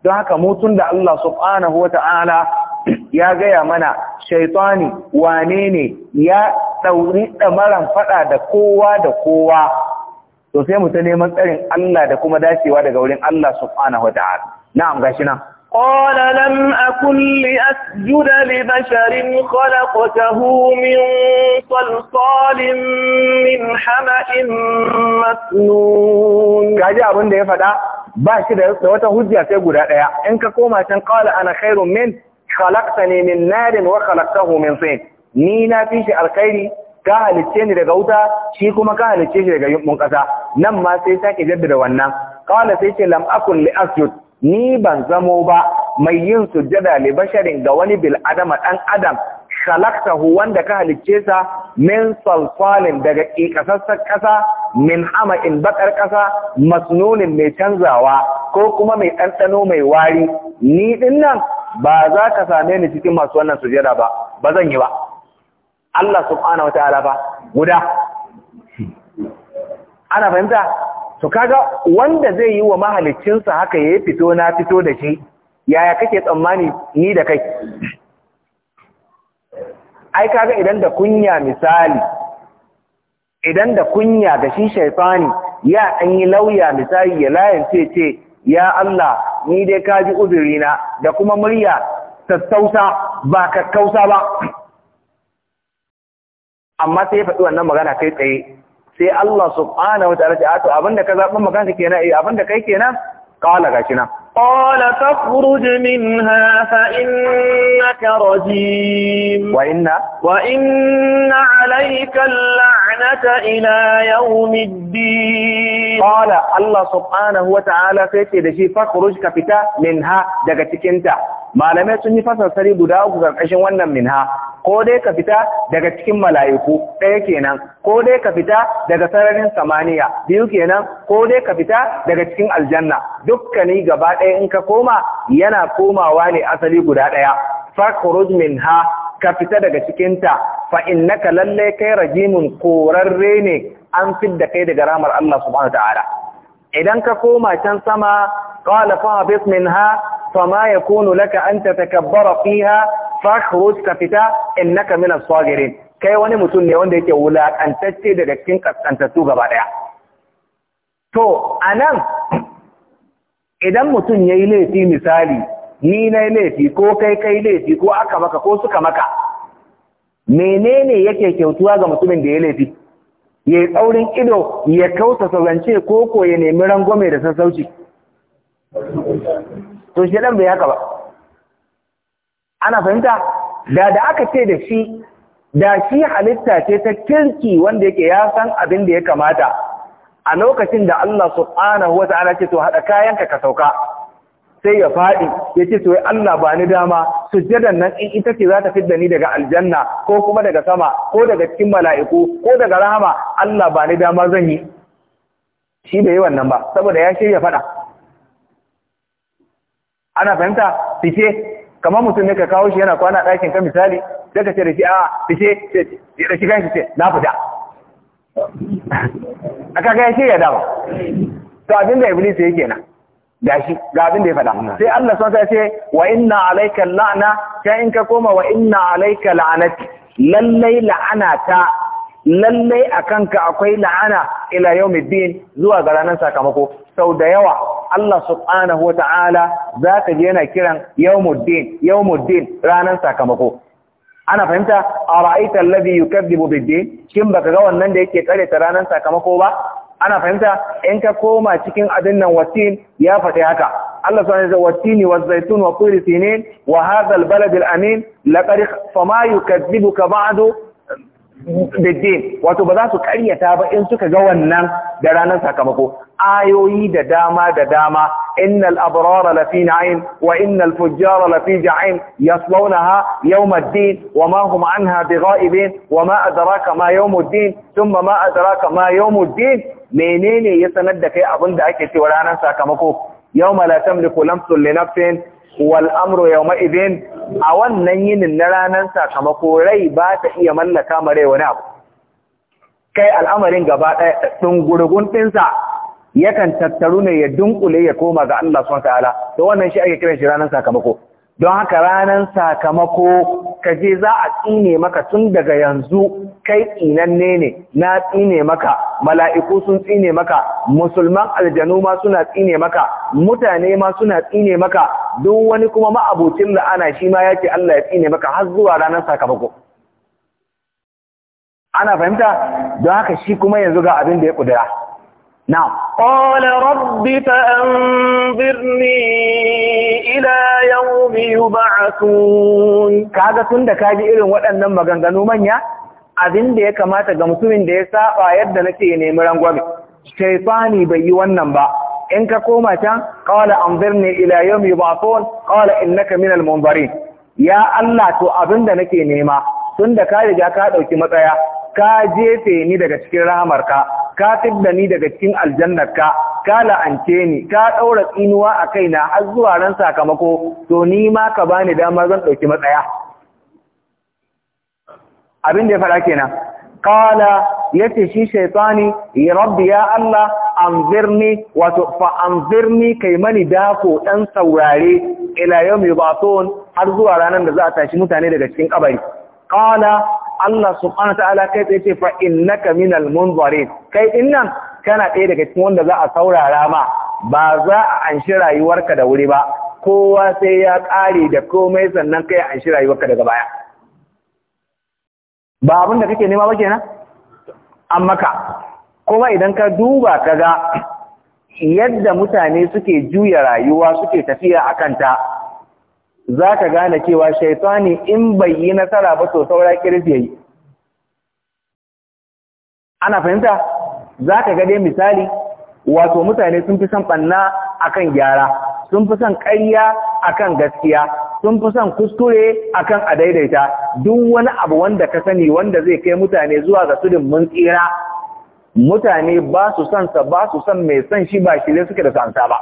don haka mutun da Allah subhanahu ta'ala Ya gaya mana, "Sheituwani wanene ya sauri da maran faɗa da kowa da kowa?" Tausayin mu ta neman tsarin Allah da kuma dacewa daga wurin Allah sufana na hudu'ar. Na amga shi nan. Ƙodanar a kulle as jure libash shirin koda kashe hudumin kolfolin muhammadin maslum. Ka ya faɗa? Ba shi da wata hujja sai guda ɗaya. In ka koma shan ƙara ana Nakhairu min ne min narin wa khalaqtahu min tin ni na fi shi alkhairi ka halicce ni daga wuta shi kuma ka halicce shi daga yumbun kasa nan ma sai sake jaddada wannan qala sai ce lam akun li asjud ni ban zamo ba mai yin sujjada li basharin ga wani bil adama dan adam khalaqtahu wanda ka halicce sa min salsalin daga ƙiƙasassar ƙasa min hama'in baƙar ƙasa masnunin mai canzawa ko kuma mai ɗanɗano mai wari ni ɗin nan ba za ka same ni cikin masu wannan sujada ba ba zan yi ba Allah subhanahu wa ta'ala ba guda ana fahimta to kaga wanda zai yi wa mahaliccinsa haka yayi fito na fito da shi yaya kake tsammani ni da kai ai kaga idan da kunya misali idan da kunya ga shi shaifani ya an yi lauya misali ya layin ce ce ya Allah ni dai ka ji uzurina da kuma murya sassausa ba kakkausa ba amma sai ya faɗi wannan magana kai tsaye sai Allah subhanahu wa ta'ala ya to abinda ka zaɓi magana kenan eh abinda kai kenan qala gashi nan قال فاخرج منها فإنك رجيم وإن, وإن عليك اللعنة إلى يوم الدين قال الله سبحانه وتعالى فيك دشي فاخرج كفتا منها دقتك انت malamai sun yi fasassari guda uku karkashin wannan minha ko dai ka fita daga cikin mala'iku ɗaya kenan ko dai ka fita daga sararin samaniya biyu kenan ko dai ka fita daga cikin aljanna dukkani gaba ɗaya in ka koma yana komawa ne asali guda ɗaya fakhruj minha ka fita daga cikinta fa innaka lalle kai rajimun korarre ne an fidda kai daga ramar Allah subhanahu wa ta'ala idan ka koma can sama qala fa habit minha fama yakunu laka an tatakabbara fiha fakhruj ka fita innaka min as-sagirin kai wani mutum ne wanda yake wulakantacce daga cikin kaskantattu gaba daya to anan idan mutum yayi laifi misali ni na laifi ko kai kai laifi ko aka maka ko suka maka menene yake kyautuwa ga mutumin da ya laifi ya yi tsaurin ido ya kausa saurance ko ko ya nemi rangwame da sassauci to shi ɗan bai haka ba ana fahimta da da aka ce da shi da shi halitta ce ta kirki wanda yake ya san abin da ya kamata a lokacin da Allah subhanahu wa ana ce to haɗa kayanka ka sauka sai ya faɗi ya ce to Allah ba ni dama jadan nan in ita ce za ta fidda ni daga aljanna ko kuma daga sama ko daga cikin mala'iku ko daga rahama Allah ba ni dama zan yi shi bai yi wannan ba saboda ya shirya faɗa ana fahimta fice kamar mutum ne ka kawo shi yana kwana ɗakin ka misali sai ka ce da shi a fice ya shi kan shi ce na fita a kaga ya shirya dama to abinda iblis yake nan gashi ga abin da ya faɗa sai Allah sun sai ce wa inna alayka la'na sai in ka koma wa inna alayka la'anati lallai la'ana ta lallai akan ka akwai la'ana ila yawmiddin zuwa ga ranar sakamako sau da yawa Allah subhanahu za zaka ji yana kiran yawmuddin yawmuddin ranar sakamako ana fahimta a ra'aita alladhi yukadibu bid kin baka ga wannan da yake kare ta ranar sakamako ba ana fahimta in ka koma cikin abin nan watin ya faɗi haka Allah subhanahu wa ta'ala watini wa zaitun wa quri sinin wa hadha al balad al amin laqad fama yukadibuka ba'du biddin wato ba za su karyata ba in suka ga wannan da ranar sakamako ayoyi da dama da dama innal abrara lafi na'im wa innal fujjara lafi ja'im yaslawnaha yawmaddin wa ma hum anha bighaibin wa ma adraka ma yawmuddin thumma ma adraka ma yawmuddin menene ya sanar da kai abin da ake cewa ranar sakamako yawma la tamliku nafsun li nafsin wal amru yawma idin a wannan yinin na ranar sakamako rai ba ta iya mallaka ma rai wani abu kai al'amarin gaba ɗaya ɗungurgun ɗinsa yakan tattaru ne ya dunkule ya koma ga Allah subhanahu wa ta'ala to wannan shi ake kiran shi ranar sakamako don haka ranar sakamako ka je za a tsine maka tun daga yanzu kai tsinanne ne na tsine maka mala'iku sun tsine maka musulman aljanu ma suna tsine maka mutane ma suna tsine maka duk wani kuma ma'abocin la'ana shi ma yake Allah ya tsine maka har zuwa ranar sakamako ana fahimta don haka shi kuma yanzu ga abin da ya kudura نعم قال رب فأنظرني irin waɗannan maganganu manya تند abin da ya kamata ga mutumin da ya saɓa yadda nake ya nemi rangwame shaifani bai yi wannan ba in ka koma can qala anzirni ila yawmi in qala innaka minal munzirin ya Allah to abin da nake nema tunda ka riga ka ɗauki matsaya ka jefe ni daga cikin rahamarka ka da ni daga cikin aljannarka ka la'ance ni ka ɗaura tsinuwa a kaina har zuwa ran sakamako to ni ma ka bani dama zan ɗauki matsaya abin da ya faɗa kenan Kala ya ce shi shaytani ya rabbi ya allah anzirni wato fa anzirni kai mani dako dan saurare ila yawmi har zuwa ranar da za a tashi mutane daga cikin kabari Kala. Allah subhanahu ta'ala kai tsaye ce fa innaka minal munzarin kai nan? kana ɗaya daga cikin wanda za a saurara ma ba za a anshi rayuwarka da wuri ba kowa sai ya ƙare da komai sannan kai anshi rayuwarka daga baya ba abin da kake nema ba kenan an maka kuma idan ka duba ka ga yadda mutane suke juya rayuwa suke tafiya a kanta za ka gane cewa shaitani in bai yi nasara ba to saura kirfi yayi ana fahimta za ka dai misali wato mutane sun fi son ɓanna akan gyara sun fi son ƙarya akan gaskiya sun fi son kuskure akan a daidaita duk wani abu wanda ka sani wanda zai kai mutane zuwa ga tudun mun tsira mutane ba su son sa ba su son mai son shi ba shi ne suke da sansa ba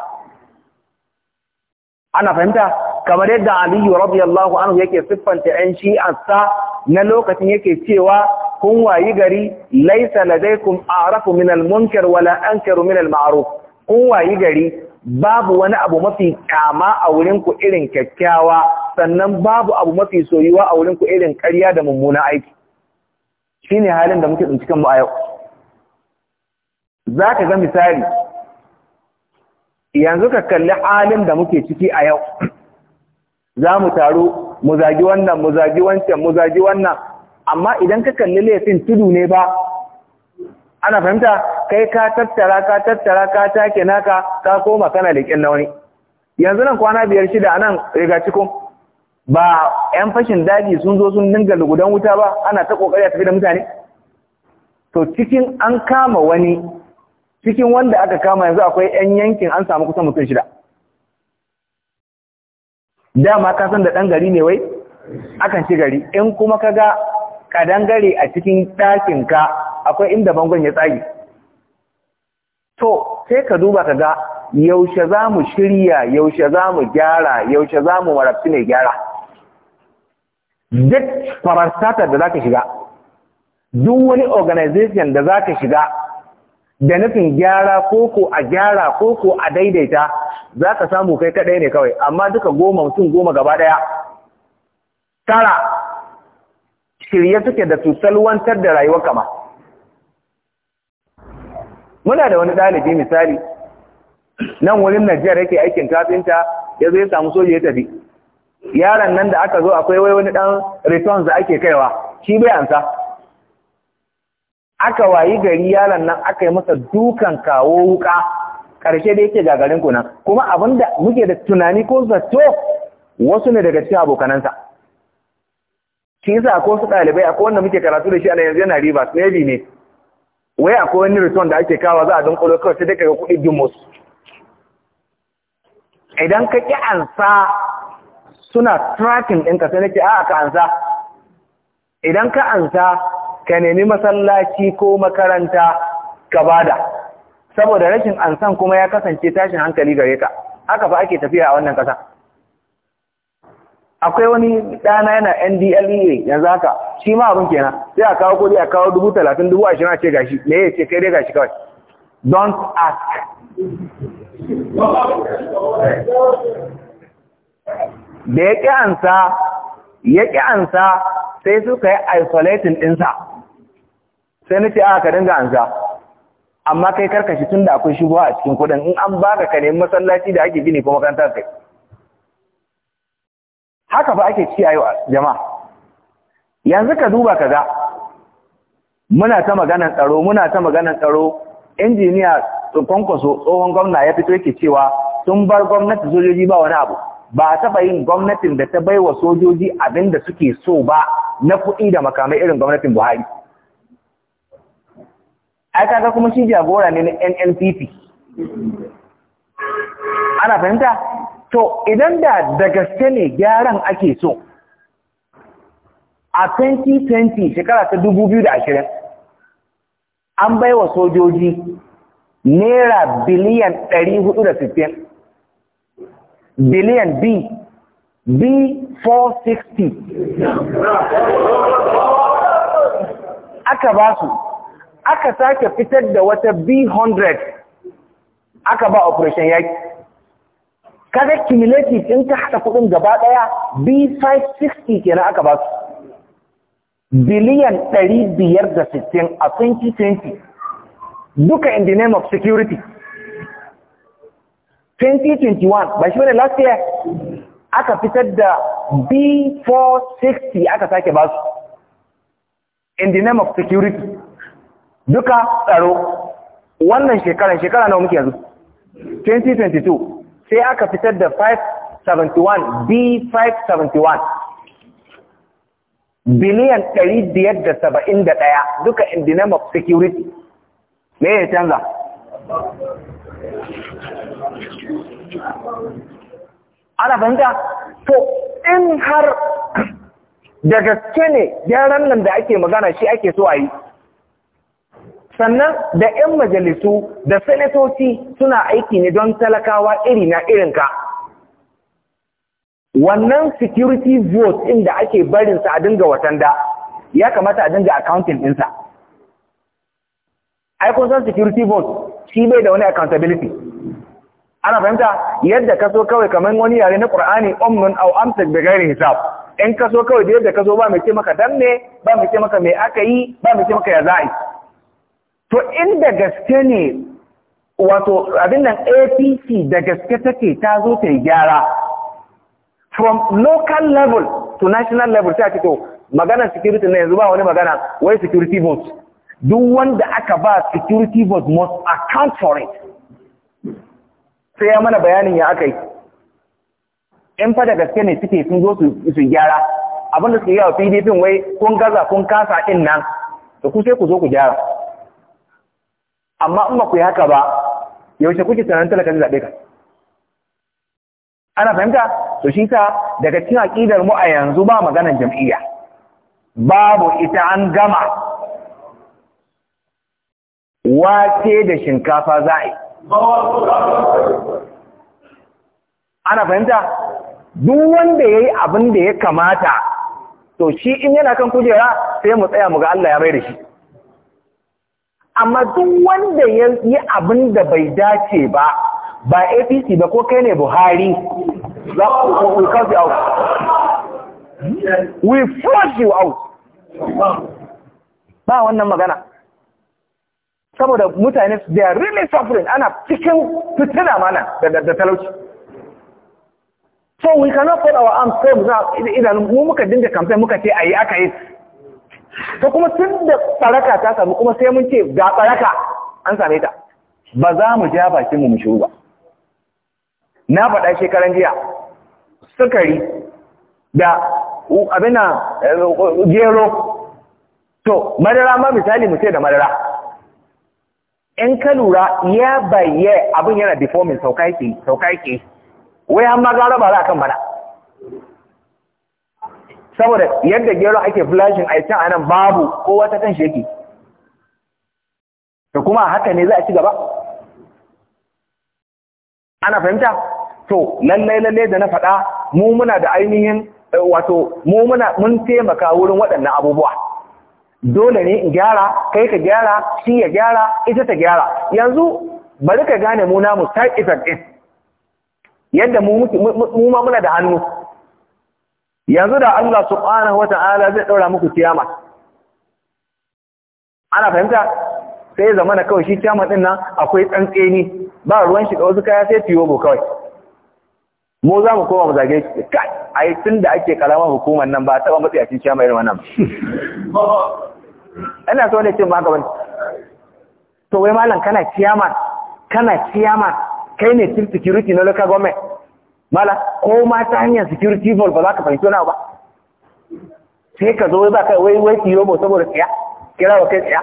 ana fahimta kamar yadda aliyu radiyallahu anhu yake siffanta ‘yan sa na lokacin yake cewa kun wayi gari laisa ladaikum arafu min al-munkar wala ankaru min al-ma'ruf kun wayi gari babu wani abu mafi kama a wurin ku irin kyakkyawa sannan babu abu mafi soyuwa a wurin ku irin ƙarya da mummuna aiki shine halin da muke tsinci mu a yau zaka ga misali yanzu ka kalli halin da muke ciki a yau za mu taru mu zagi wannan mu zagi wancan mu zagi wannan amma idan ka kalli laifin tudu ne ba ana fahimta kai ka tattara ka tattara ka take naka ka koma kana leƙen na wani yanzu nan kwana biyar shida anan riga ciko. ba yan fashin daji sun zo sun dinga lugudan wuta ba ana ta kokari a tafi da mutane to cikin an kama wani cikin wanda aka kama yanzu akwai yan yankin an samu kusan mutum shida dama ka san da ɗan gari ne wai akan ci gari in kuma ka ga ƙadangare a cikin ɗakinka akwai inda bangon ya tsage to sai ka duba ka ga yaushe za mu shirya yaushe za mu gyara yaushe za mu marabci mai gyara duk farasata da za ka shiga duk wani organization da za ka shiga da nufin gyara koko a gyara koko a daidaita za ka samu kai kaɗai ne kawai amma duka goma mutum goma gaba ɗaya tara shirye suke da su salwantar da rayuwar kama muna da wani ɗalibi misali nan wurin najiyar yake aikin kafinta ya zo ya samu soja ya tafi yaron nan da aka zo akwai wai wani ɗan returns da ake kaiwa shi bai ansa aka wayi gari yaron nan aka yi masa dukan kawo wuka ƙarshe da yake gagarin ku nan kuma abin da muke da tunani ko zato wasu ne daga cikin abokanansa shi yasa akwai wasu ɗalibai akwai wanda muke karatu da shi ana yanzu yana riba navy ne wai akwai wani return da ake kawa za a dunkulo kawai sai dai kaga kuɗi gimos idan ka ƙi ansa suna tracking ɗinka sai nake a ka ansa idan ka ansa ka nemi masallaci ko makaranta ka bada saboda rashin ansan kuma ya kasance tashin hankali gare ka haka fa ake tafiya a wannan kasa. akwai wani ɗana yana NDLEA yanzu haka shi ma abin kenan sai a kawo kudi a kawo dubu talatin dubu ashirin a ce gashi me ya ce kai dai gashi kawai don't ask da ya ƙi ansa ya ƙi ansa sai suka yi isolating ɗinsa sai nace a ka dinga ansa amma kai karkashi tunda akwai shubuwa a cikin kuɗin in an baka ka nemi masallaci da ake gini ko makarantar kai haka ba ake ci ayo jama'a yanzu ka duba ka ga muna ta magana tsaro muna ta magana tsaro injiniya kwankwaso tsohon gwamna ya fito yake cewa sun bar gwamnati sojoji ba wani abu ba a taɓa yin gwamnatin da ta bai wa sojoji abin da suke so ba na kuɗi da makamai irin gwamnatin buhari ai kaga kuma shi jagora ne na NNPP ana fahimta to idan da da gaske ne gyaran ake so a 2020 shekara ta 2020 an baiwa sojoji naira biliyan 460 biliyan b b 460 aka ba su aka sake fitar da wata B100 aka ba operation yaki kada cumulative in ta haɗa kuɗin gaba ɗaya B560 kenan aka ba su biliyan 560 a 2020 duka in the name of security 2021 ba shi wani last year aka fitar da B460 aka sake ba su in the name of security duka tsaro wannan shekaran shekara nawa muke yanzu 2022 sai aka fitar da 571 b571 biliyan 571 duka indinam of security me ya canza ana fahimta to in har da gaske ne gyaran nan da ake magana shi ake so a yi sannan da 'yan majalisu da sanatoci suna aiki ne don talakawa iri na irinka wannan security vote inda ake barinsa a dinga watanda ya kamata a dinga accounting ɗinsa ai son security vote shi bai da wani accountability ana fahimta yadda ka so kawai kamar wani yare na ƙur'ani omnun au amsak da gairin hisab in ka so kawai da yadda ka so ba mai ce maka danne ba mai ce maka mai aka yi ba mai ce maka ya za'i to inda gaske ne wato abin nan apc da gaske take ta zo ta yi gyara from local level to national level sai a to magana security na yanzu ba wani magana wai security vote duk wanda aka ba security vote must account for it sai ya mana bayanin ya aka yi in fa da gaske ne suke sun zo su gyara abinda suke yawa a pdp wai kun gaza kun kasa in nan da ku sai ku zo ku gyara amma in ba ku yi haka ba yaushe kuke tunanin da zai zaɓe ka ana fahimta to shi ta daga cikin aƙidar mu a yanzu ba maganar jam'iyya babu ita an gama wace da shinkafa za yi ana fahimta duk wanda ya yi abin da ya kamata to shi in yana kan kujera sai mu tsaya mu ga Allah ya bai da shi amma duk wanda ya yi abin da bai dace ba ba apc ba ko kai ne buhari za ku kawo out we force you out ba wannan magana saboda mutane they are really suffering ana cikin fitina mana da talauci so we cannot put our arms firm now idanun mu muka dinga campaign muka ce ayi aka yi to kuma tun da tsaraka ta sami kuma sai mun ce ga tsaraka an same ta ba za mu ja bakin mu shiru ba na faɗa shekaran jiya sukari da abina eh, gero to madara ma misali mu ce da madara in ka lura ya baye abin yana deforming sauka yake wai an ma gara ba za kan bana. saboda yadda gero ake flashin a can anan babu ko wata kan sheki to kuma haka ne za a ci gaba ana fahimta to lallai lallai da na faɗa mu muna da ainihin eh, wato mu muna mun taimaka wurin waɗannan abubuwa dole ne in gyara kai ka gyara shi ya gyara ita ta gyara yanzu bari ka gane mu namu side effect din yadda mu ma muna da hannu yanzu da Allah subhanahu wata'ala zai daura muku kiyama ana fahimta sai zama na kawai shi kiyama ɗin nan akwai tsantseni ba ruwan shi da wasu kaya sai tiyobo kawai mu za mu koma mu zage shi kai ai tun da ake kalama hukumar nan ba taɓa matsi a cikin kiyama irin wannan ina so ne cin magaban to wai malam kana kiyama kana kiyama kai ne chief security na local government mala ko ma ta hanyar security vault ba za ka fahimci wani ba sai ka zo ba kai wai wai tiyo bo saboda tsaya kira wa kai tsaya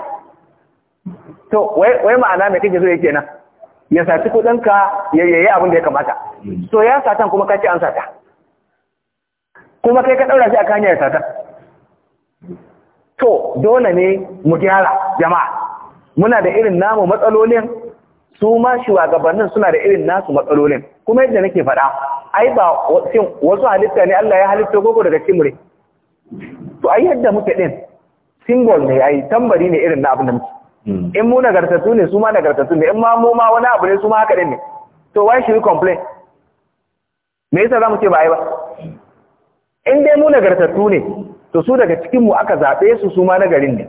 to wai wai ma'ana me kake so yake nan ya saci kudin ka ya yayi abin da ya kamata to ya satan kuma ka ce an sata kuma kai ka daura shi akan hanyar satan to dole ne mu gyara jama'a muna da irin namu matsalolin su ma shugabannin suna da irin nasu matsalolin kuma yadda nake faɗa ai ba wasu halitta ne Allah ya halitta koko daga cimre to ai yadda muke din symbol ne ai tambari ne irin na abin nan hmm. in mu nagartattu ne su ma nagartattu ne in ma mu ma wani abu ne su ma haka din ne to why should we complain me yasa zamu ce ba ai ba in dai mu nagartattu ne to su daga cikin mu aka zabe su su ma nagarin ne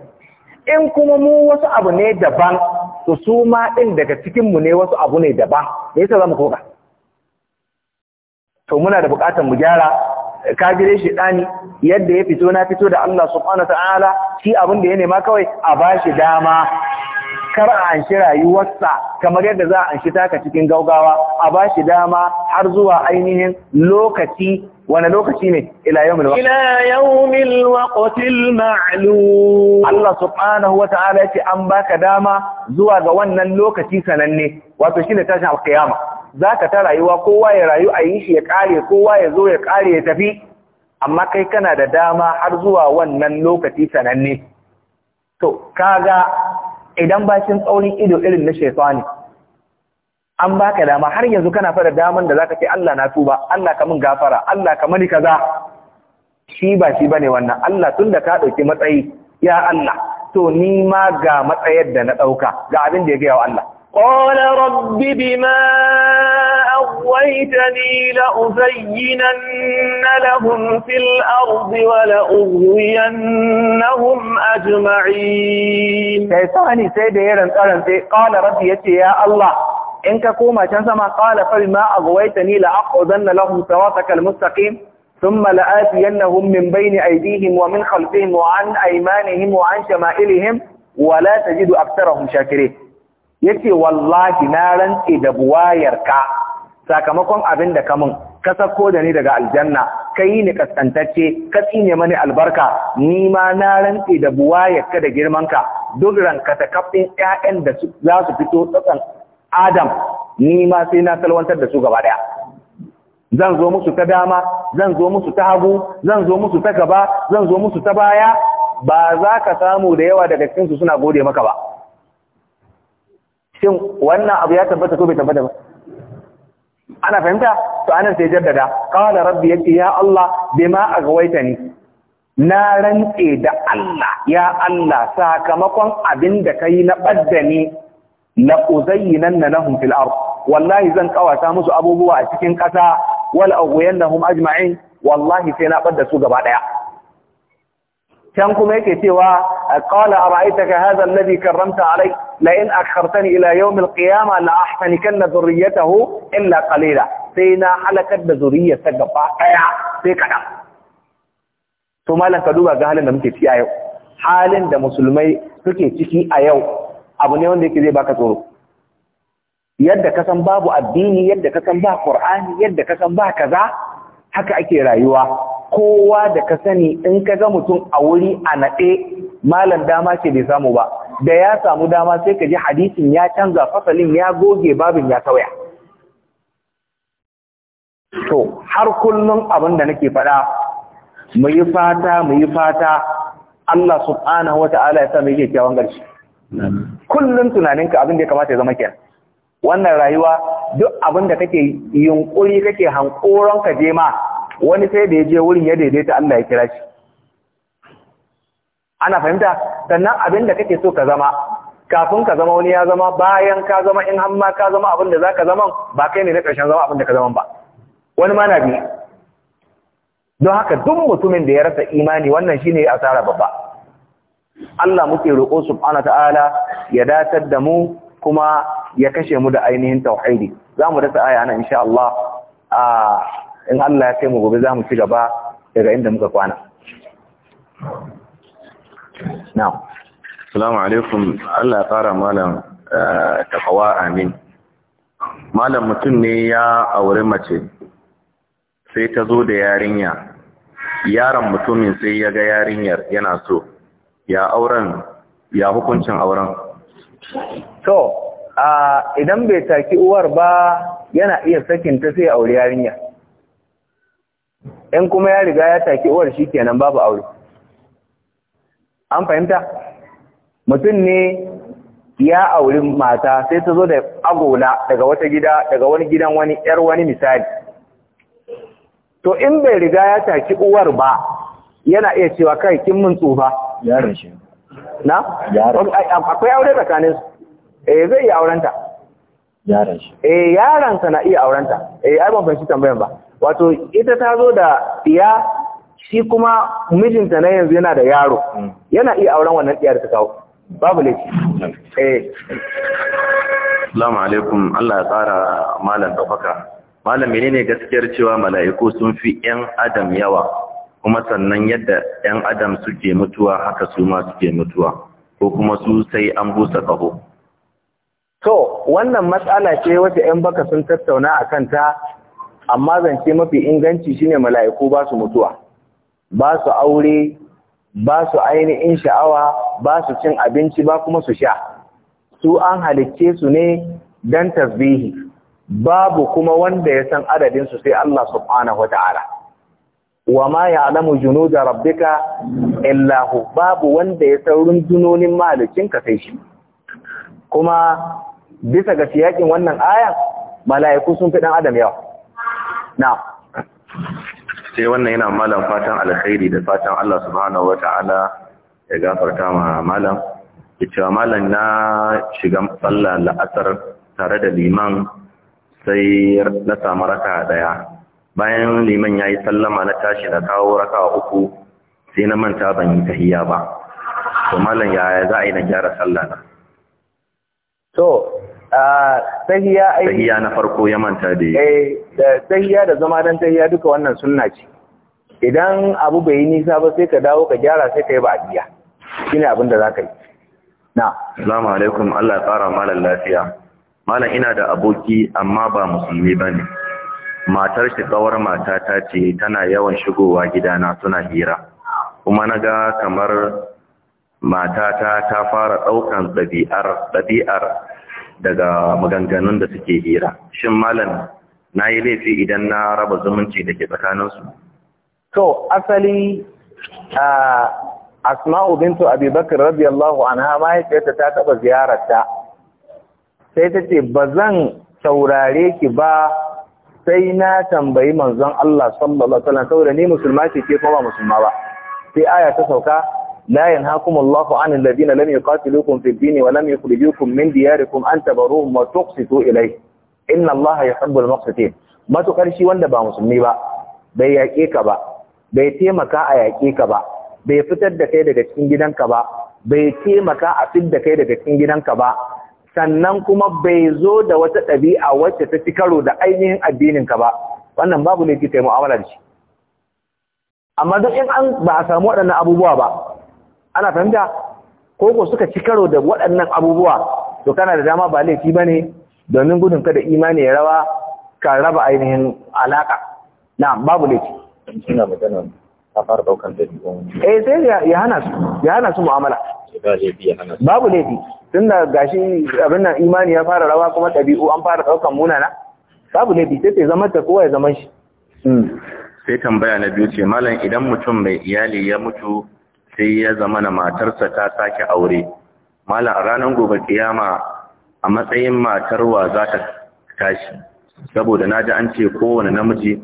in kuma mu wasu abu ne daban to su ma din daga cikin mu ne wasu abu ne daban me yasa zamu koka to muna da buƙatar mu gyara ka gire shi ɗani. yadda ya fito na fito da Allah subhanahu wataala shi abin da ya nema kawai a bashi dama kar a anshi rayuwarsa kamar yadda za a anshi taka cikin gaugawa a ba shi dama har zuwa ainihin lokaci wani lokaci ne ila yau milwa ila yau milwa ƙotil ma'alu Allah subhanahu wa ta'ala ya ce an baka dama zuwa ga wannan lokaci sananne wato shi ne tashin alkiyama za ka ta rayuwa kowa ya rayu a yi shi ya ƙare kowa ya zo ya ƙare ya tafi amma kai kana da dama har zuwa wannan lokaci sananne to kaga idan bakin tsaurin ido irin na shaitani an baka dama har yanzu kana fara daman da zaka ce Allah na tuba Allah ka min gafara Allah ka mani kaza shi ba shi bane wannan Allah tunda ka ɗauki matsayi ya Allah to ni ma ga matsayar da na ɗauka, ga abin da ya ga Allah قال رب بما أغويتني لأزينن لهم في الأرض ولأغوينهم أجمعين شيطاني سيدي يرن ترن قال رب يتي يا الله إن كوما تنسما قال فبما أغويتني لأقعدن لهم صراطك المستقيم ثم لآتينهم من بين أيديهم ومن خلفهم وعن أيمانهم وعن شمائلهم ولا تجد أكثرهم شاكرين yace wallahi na rantse da buwayarka sakamakon abin da kamun ka sako da ni daga aljanna kai ni kaskantacce ka tsine mani albarka ni ma na rantse da buwayarka da girman ka, duk ranka ta kafin ƴaƴan da za su fito tsakan Adam ni ma sai na salwantar da su gaba daya zan zo musu ta dama zan zo musu ta hagu zan zo musu ta gaba zan zo musu ta baya ba za ka samu da yawa daga cikinsu suna gode maka ba shin wannan abu ya tabbata ko bai tabbata ba ana fahimta to anan sai jaddada qala rabbi yaki ya allah bima aghwaytani na rantse da Allah ya Allah sakamakon abin da kai na badda ni la uzayyinanna lahum fil ard wallahi zan kawata musu abubuwa a cikin kasa wal aghwayannahum ajma'in wallahi sai na badda su gaba daya can kuma yake cewa qala ara'aytaka hadha alladhi karramta alai la in akhartani ila yawm alqiyama la ahtanikanna dhurriyyatahu illa qalila sai na halakar da zuriyarsa gaba daya sai kada to mallan ka duba ga halin da muke ciki a yau halin da musulmai suke ciki a yau abu ne wanda yake zai baka tsoro yadda ka san babu addini yadda ka san ba qur'ani yadda ka san ba kaza haka ake rayuwa kowa da ka sani in ka ga mutum a wuri a naɗe malam dama ce bai samu ba da ya samu dama sai ka ji hadisin ya canza fasalin ya goge babin ya sauya. to har kullum abin da nake faɗa mu yi fata mu yi fata Allah subhanahu wata'ala ya sa mu yi kyakkyawan ƙarshe kullum tunaninka abin da ya kamata ya zama kenan wannan rayuwa duk abin da kake yunkuri kake hankoron ka je ma wani sai da ya je wurin ya daidaita Allah ya kira shi ana fahimta sannan abin da kake so ka zama kafin ka zama wani ya zama bayan ka zama in hamma ka zama abin da za ka zama ba kai ne na ƙarshen zama abin da ka zama ba wani ma na biyu don haka duk mutumin da ya rasa imani wannan shine tsara babba Allah muke roƙo subhana ta'ala ya datar da mu kuma ya kashe mu da ainihin tauhidi mu dasa aya ana insha Allah a ah, in Allah ya kai mu gobe za mu ci gaba daga inda muka kwana Na. Salamu alaikum Allah ya fara malam eh, takawa amin malam mutum ne ya aure mace sai ta zo da yarinya yaron mutumin sai ya ga yarinyar yana so ya auren ya hukuncin auren to idan bai taki uwar ba yana iya sakinta sai aure yarinyar in kuma ya riga ya take uwar shi kenan babu aure an fahimta mutum ne ya auri mata sai ta zo da agola daga wata gida daga wani gidan wani yar wani misali to in bai riga ya take uwar ba yana iya cewa kai kin mun tsufa yaron shi na akwai aure tsakanin su eh zai iya aurenta yaron shi eh yaron sa na iya aurenta eh ai ban fahimci tambayan ba wato ita ta zo da ɗiya shi kuma mijinta na yanzu yana da yaro hmm. yana iya auren wannan ɗiyar ta kawo babu ne hmm. eh. assalamu alaikum Allah ya tsara malam ɗaukaka malam ne gaskiyar cewa mala'iku sun fi 'yan adam yawa kuma sannan yadda 'yan adam suke mutuwa haka su ma suke mutuwa ko kuma su sai an busa kaho to wannan matsala ce wacce 'yan baka sun tattauna a kanta amma zance mafi inganci shine mala'iku ba su mutuwa ba su aure ba su ainihin sha'awa ba su cin abinci ba kuma su sha su an halicce su ne don tasbihi babu kuma wanda ya san adadin su sai Allah subhanahu wata'ala wa ma ya'lamu junuda rabbika illa hu babu wanda ya san rundunonin ka sai shi kuma bisa ga siyakin wannan aya mala'iku sun fi ɗan adam yawa na sai wannan yana malam fatan alkhairi da fatan Allah subhanahu wata'ala ya gafarta ma malam cewa malam na shiga sallah la'asar tare da liman sai na samu raka daya bayan liman ya yi sallama na tashi na kawo raka uku sai na manta ban yi tahiya ba to malam yaya za a yi na gyara sallah na to tahiya ai tahiya na farko ya manta da eh da da zama dan tahiya duka wannan sunna ce idan abu bai yi nisa ba sai ka dawo ka gyara sai ka yi ba'diya shine abin da zaka yi na assalamu alaikum Allah ya fara malan lafiya malan ina da aboki amma ba musulmi bane matar shi kawar mata ta ce tana yawan shigowa gidana suna hira kuma na ga kamar matata ta fara ɗaukan ɗabi'ar daga maganganun da suke hira shin malam na yi laifi idan na raba zumunci da ke tsakaninsu to asali asma'u bintu abubakar radiyallahu anha mahaifiyarta ta taɓa ziyararta sai ta ce ba zan saurare ki ba sai na tambayi manzon Allah sallallahu alaihi wasallam saboda ni musulma ce ke kuma musulma ba sai aya ta sauka لا ينهاكم الله عن الذين لم يقاتلوكم في الدين ولم يخرجوكم من دياركم أن تبروهم وتقسطوا إليه إن الله يحب المقسطين ما تقرشي وان با مسلمي با بي yaƙe ka ba bai taimaka a yaƙe ka ba bai fitar da kai daga cikin gidanka ba bai taimaka a fit da kai daga cikin gidanka ba sannan kuma bai zo da wata ɗabi'a wacce ta fi karo da ainihin addininka ba wannan babu laifi kai mu'amala da shi amma duk in an ba a samu waɗannan abubuwa ba ana fahimta ko ko suka ci karo da waɗannan abubuwa to kana da dama ba laifi bane domin gudun kada imani ya rawa ka raba ainihin alaka na babu laifi suna magana a fara daukar da eh sai ya hana su ya hana su mu'amala babu laifi tunda gashi abin nan imani ya fara rawa kuma ɗabi'u an fara ɗaukan munana babu laifi sai sai zama ta kowa ya zama shi hmm. sai tambaya na biyu ce malam idan mutum mai iyali ya mutu sai ya zama na matarsa ta sake aure mala a ranar gobe kiyama a matsayin matarwa za ta tashi saboda na ji an ce kowane namiji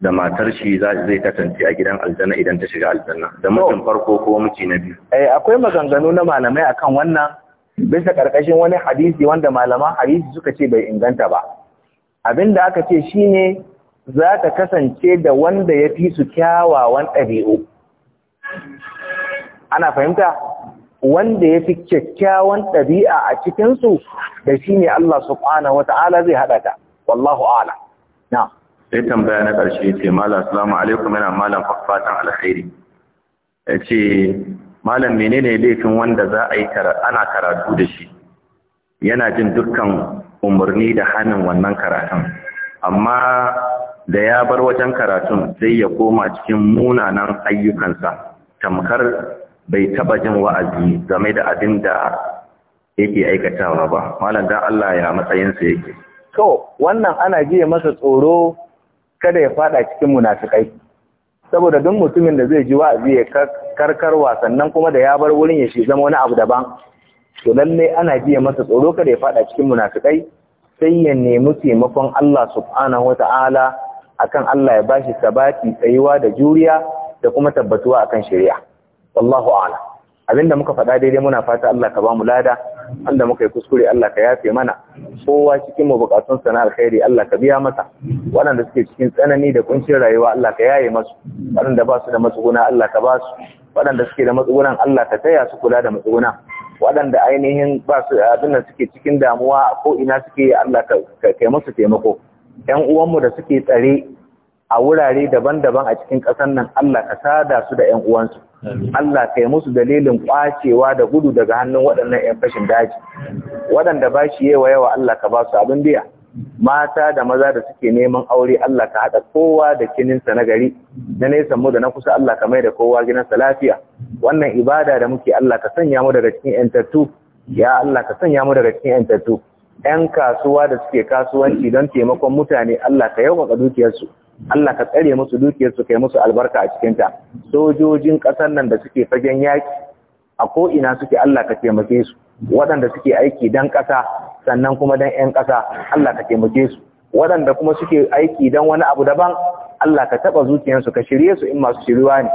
da matar shi zai kasance a gidan aljanna idan ta shiga aljanna da mutum farko ko miji na biyu eh, akwai maganganu na malamai akan wannan bisa karkashin wani hadisi wanda malaman hadisi suka ce bai inganta ba abinda aka ce shine za ta kasance da wanda ya fi su kyawawan ɗabi'u ana fahimta wanda ya fi kyakkyawan ɗabi'a a cikinsu da shi ne Allah subhanahu wa ta'ala zai haɗa ta wallahu ala na sai tambaya na ƙarshe ce malam assalamu alaikum yana malam fatan alkhairi ya ce malam menene laifin wanda za a yi ana karatu da shi yana jin dukkan umarni da hannun wannan karatun amma da ya bar wajen karatun sai ya koma cikin munanan ayyukansa tamkar bai taba jin wa'azi game da abin da yake aikatawa ba malam dan Allah ya matsayinsa yake to wannan ana jiye masa tsoro kada ya fada cikin munafikai saboda duk mutumin da zai ji wa'azi ya karkarwa sannan kuma da ya bar wurin ya shi zama wani abu daban to lalle ana jiye masa tsoro kada ya fada cikin munafikai sai ya nemi taimakon Allah subhanahu wata'ala akan Allah ya bashi sabati tsayuwa da juriya da kuma tabbatuwa akan shari'a wallahu a'lam abinda muka faɗa daidai muna fata Allah ka bamu lada wanda muka yi kuskure Allah ka yafe mana kowa cikin mu bukatun sana alkhairi Allah ka biya masa waɗanda suke cikin tsanani da kuncin rayuwa Allah ka yaye masu waɗanda ba su da matsuguna Allah ka ba su waɗanda suke da matsugunan Allah ka taya su kula da matsuguna waɗanda ainihin ba su abin da suke cikin damuwa ko ina suke Allah ka kai musu taimako ƴan uwanmu da suke tsare a wurare daban-daban a cikin ƙasar nan Allah ka sada su da ‘yan uwansu, Allah ka yi musu dalilin kwacewa da gudu daga hannun waɗannan ‘yan fashin daji, waɗanda ba shi yawa yawa Allah ka ba su abin biya, mata da maza da suke neman aure Allah ka haɗa kowa da kininsa na gari, na nesa mu da na kusa Allah ka mai da kowa gidansa lafiya, wannan ibada da muke Allah ka sanya mu daga cikin ‘yantattu, ya Allah ka sanya mu daga cikin ‘yantattu, ‘yan kasuwa da suke kasuwanci don taimakon mutane Allah ka yawan dukiyarsu. Allah ka tsare musu dukiyar su kai musu albarka a cikin ta sojojin kasar nan da suke fagen yaki a ko ina suke Allah ka taimake su waɗanda suke aiki dan ƙasa sannan kuma dan ƴan ƙasa Allah ka taimake su waɗanda kuma suke aiki dan wani abu daban Allah ka taɓa zuciyarsu ka shirye su in masu shiriwa ne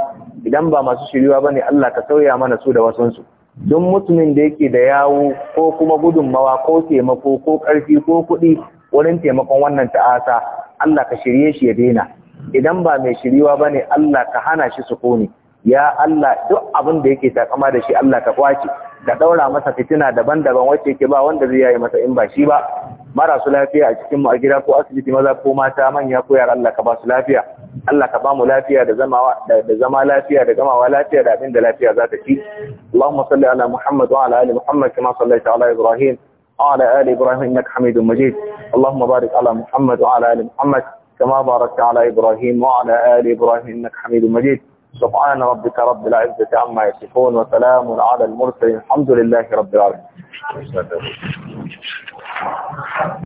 idan ba masu shiriwa ba ne Allah ka sauya mana su da wasansu don mutumin da yake da yawo ko kuma gudunmawa ko taimako ko ƙarfi ko kuɗi wurin taimakon wannan ta'asa Allah ka shirye shi ya daina idan ba mai shiriwa bane Allah ka hana shi kone ya Allah duk abin da yake takama da shi Allah ka kwace ka daura masa fitina daban-daban wacce yake ba wanda zai yayi masa in ba shi ba marasu lafiya a cikin mu a gida ko asibiti maza ko mata manya ko yara Allah ka ba su lafiya Allah ka ba mu lafiya da zama da zama lafiya da gamawa lafiya da abin da lafiya za ta ci Allahumma salli ala Muhammad wa ala ali Muhammad kama sallaita ala Ibrahim وعلى آل إبراهيم إنك حميد مجيد اللهم بارك على محمد وعلى آل محمد كما باركت على إبراهيم وعلى آل إبراهيم إنك حميد مجيد سبحان ربك رب العزة عما يصفون وسلام على المرسلين الحمد لله رب العالمين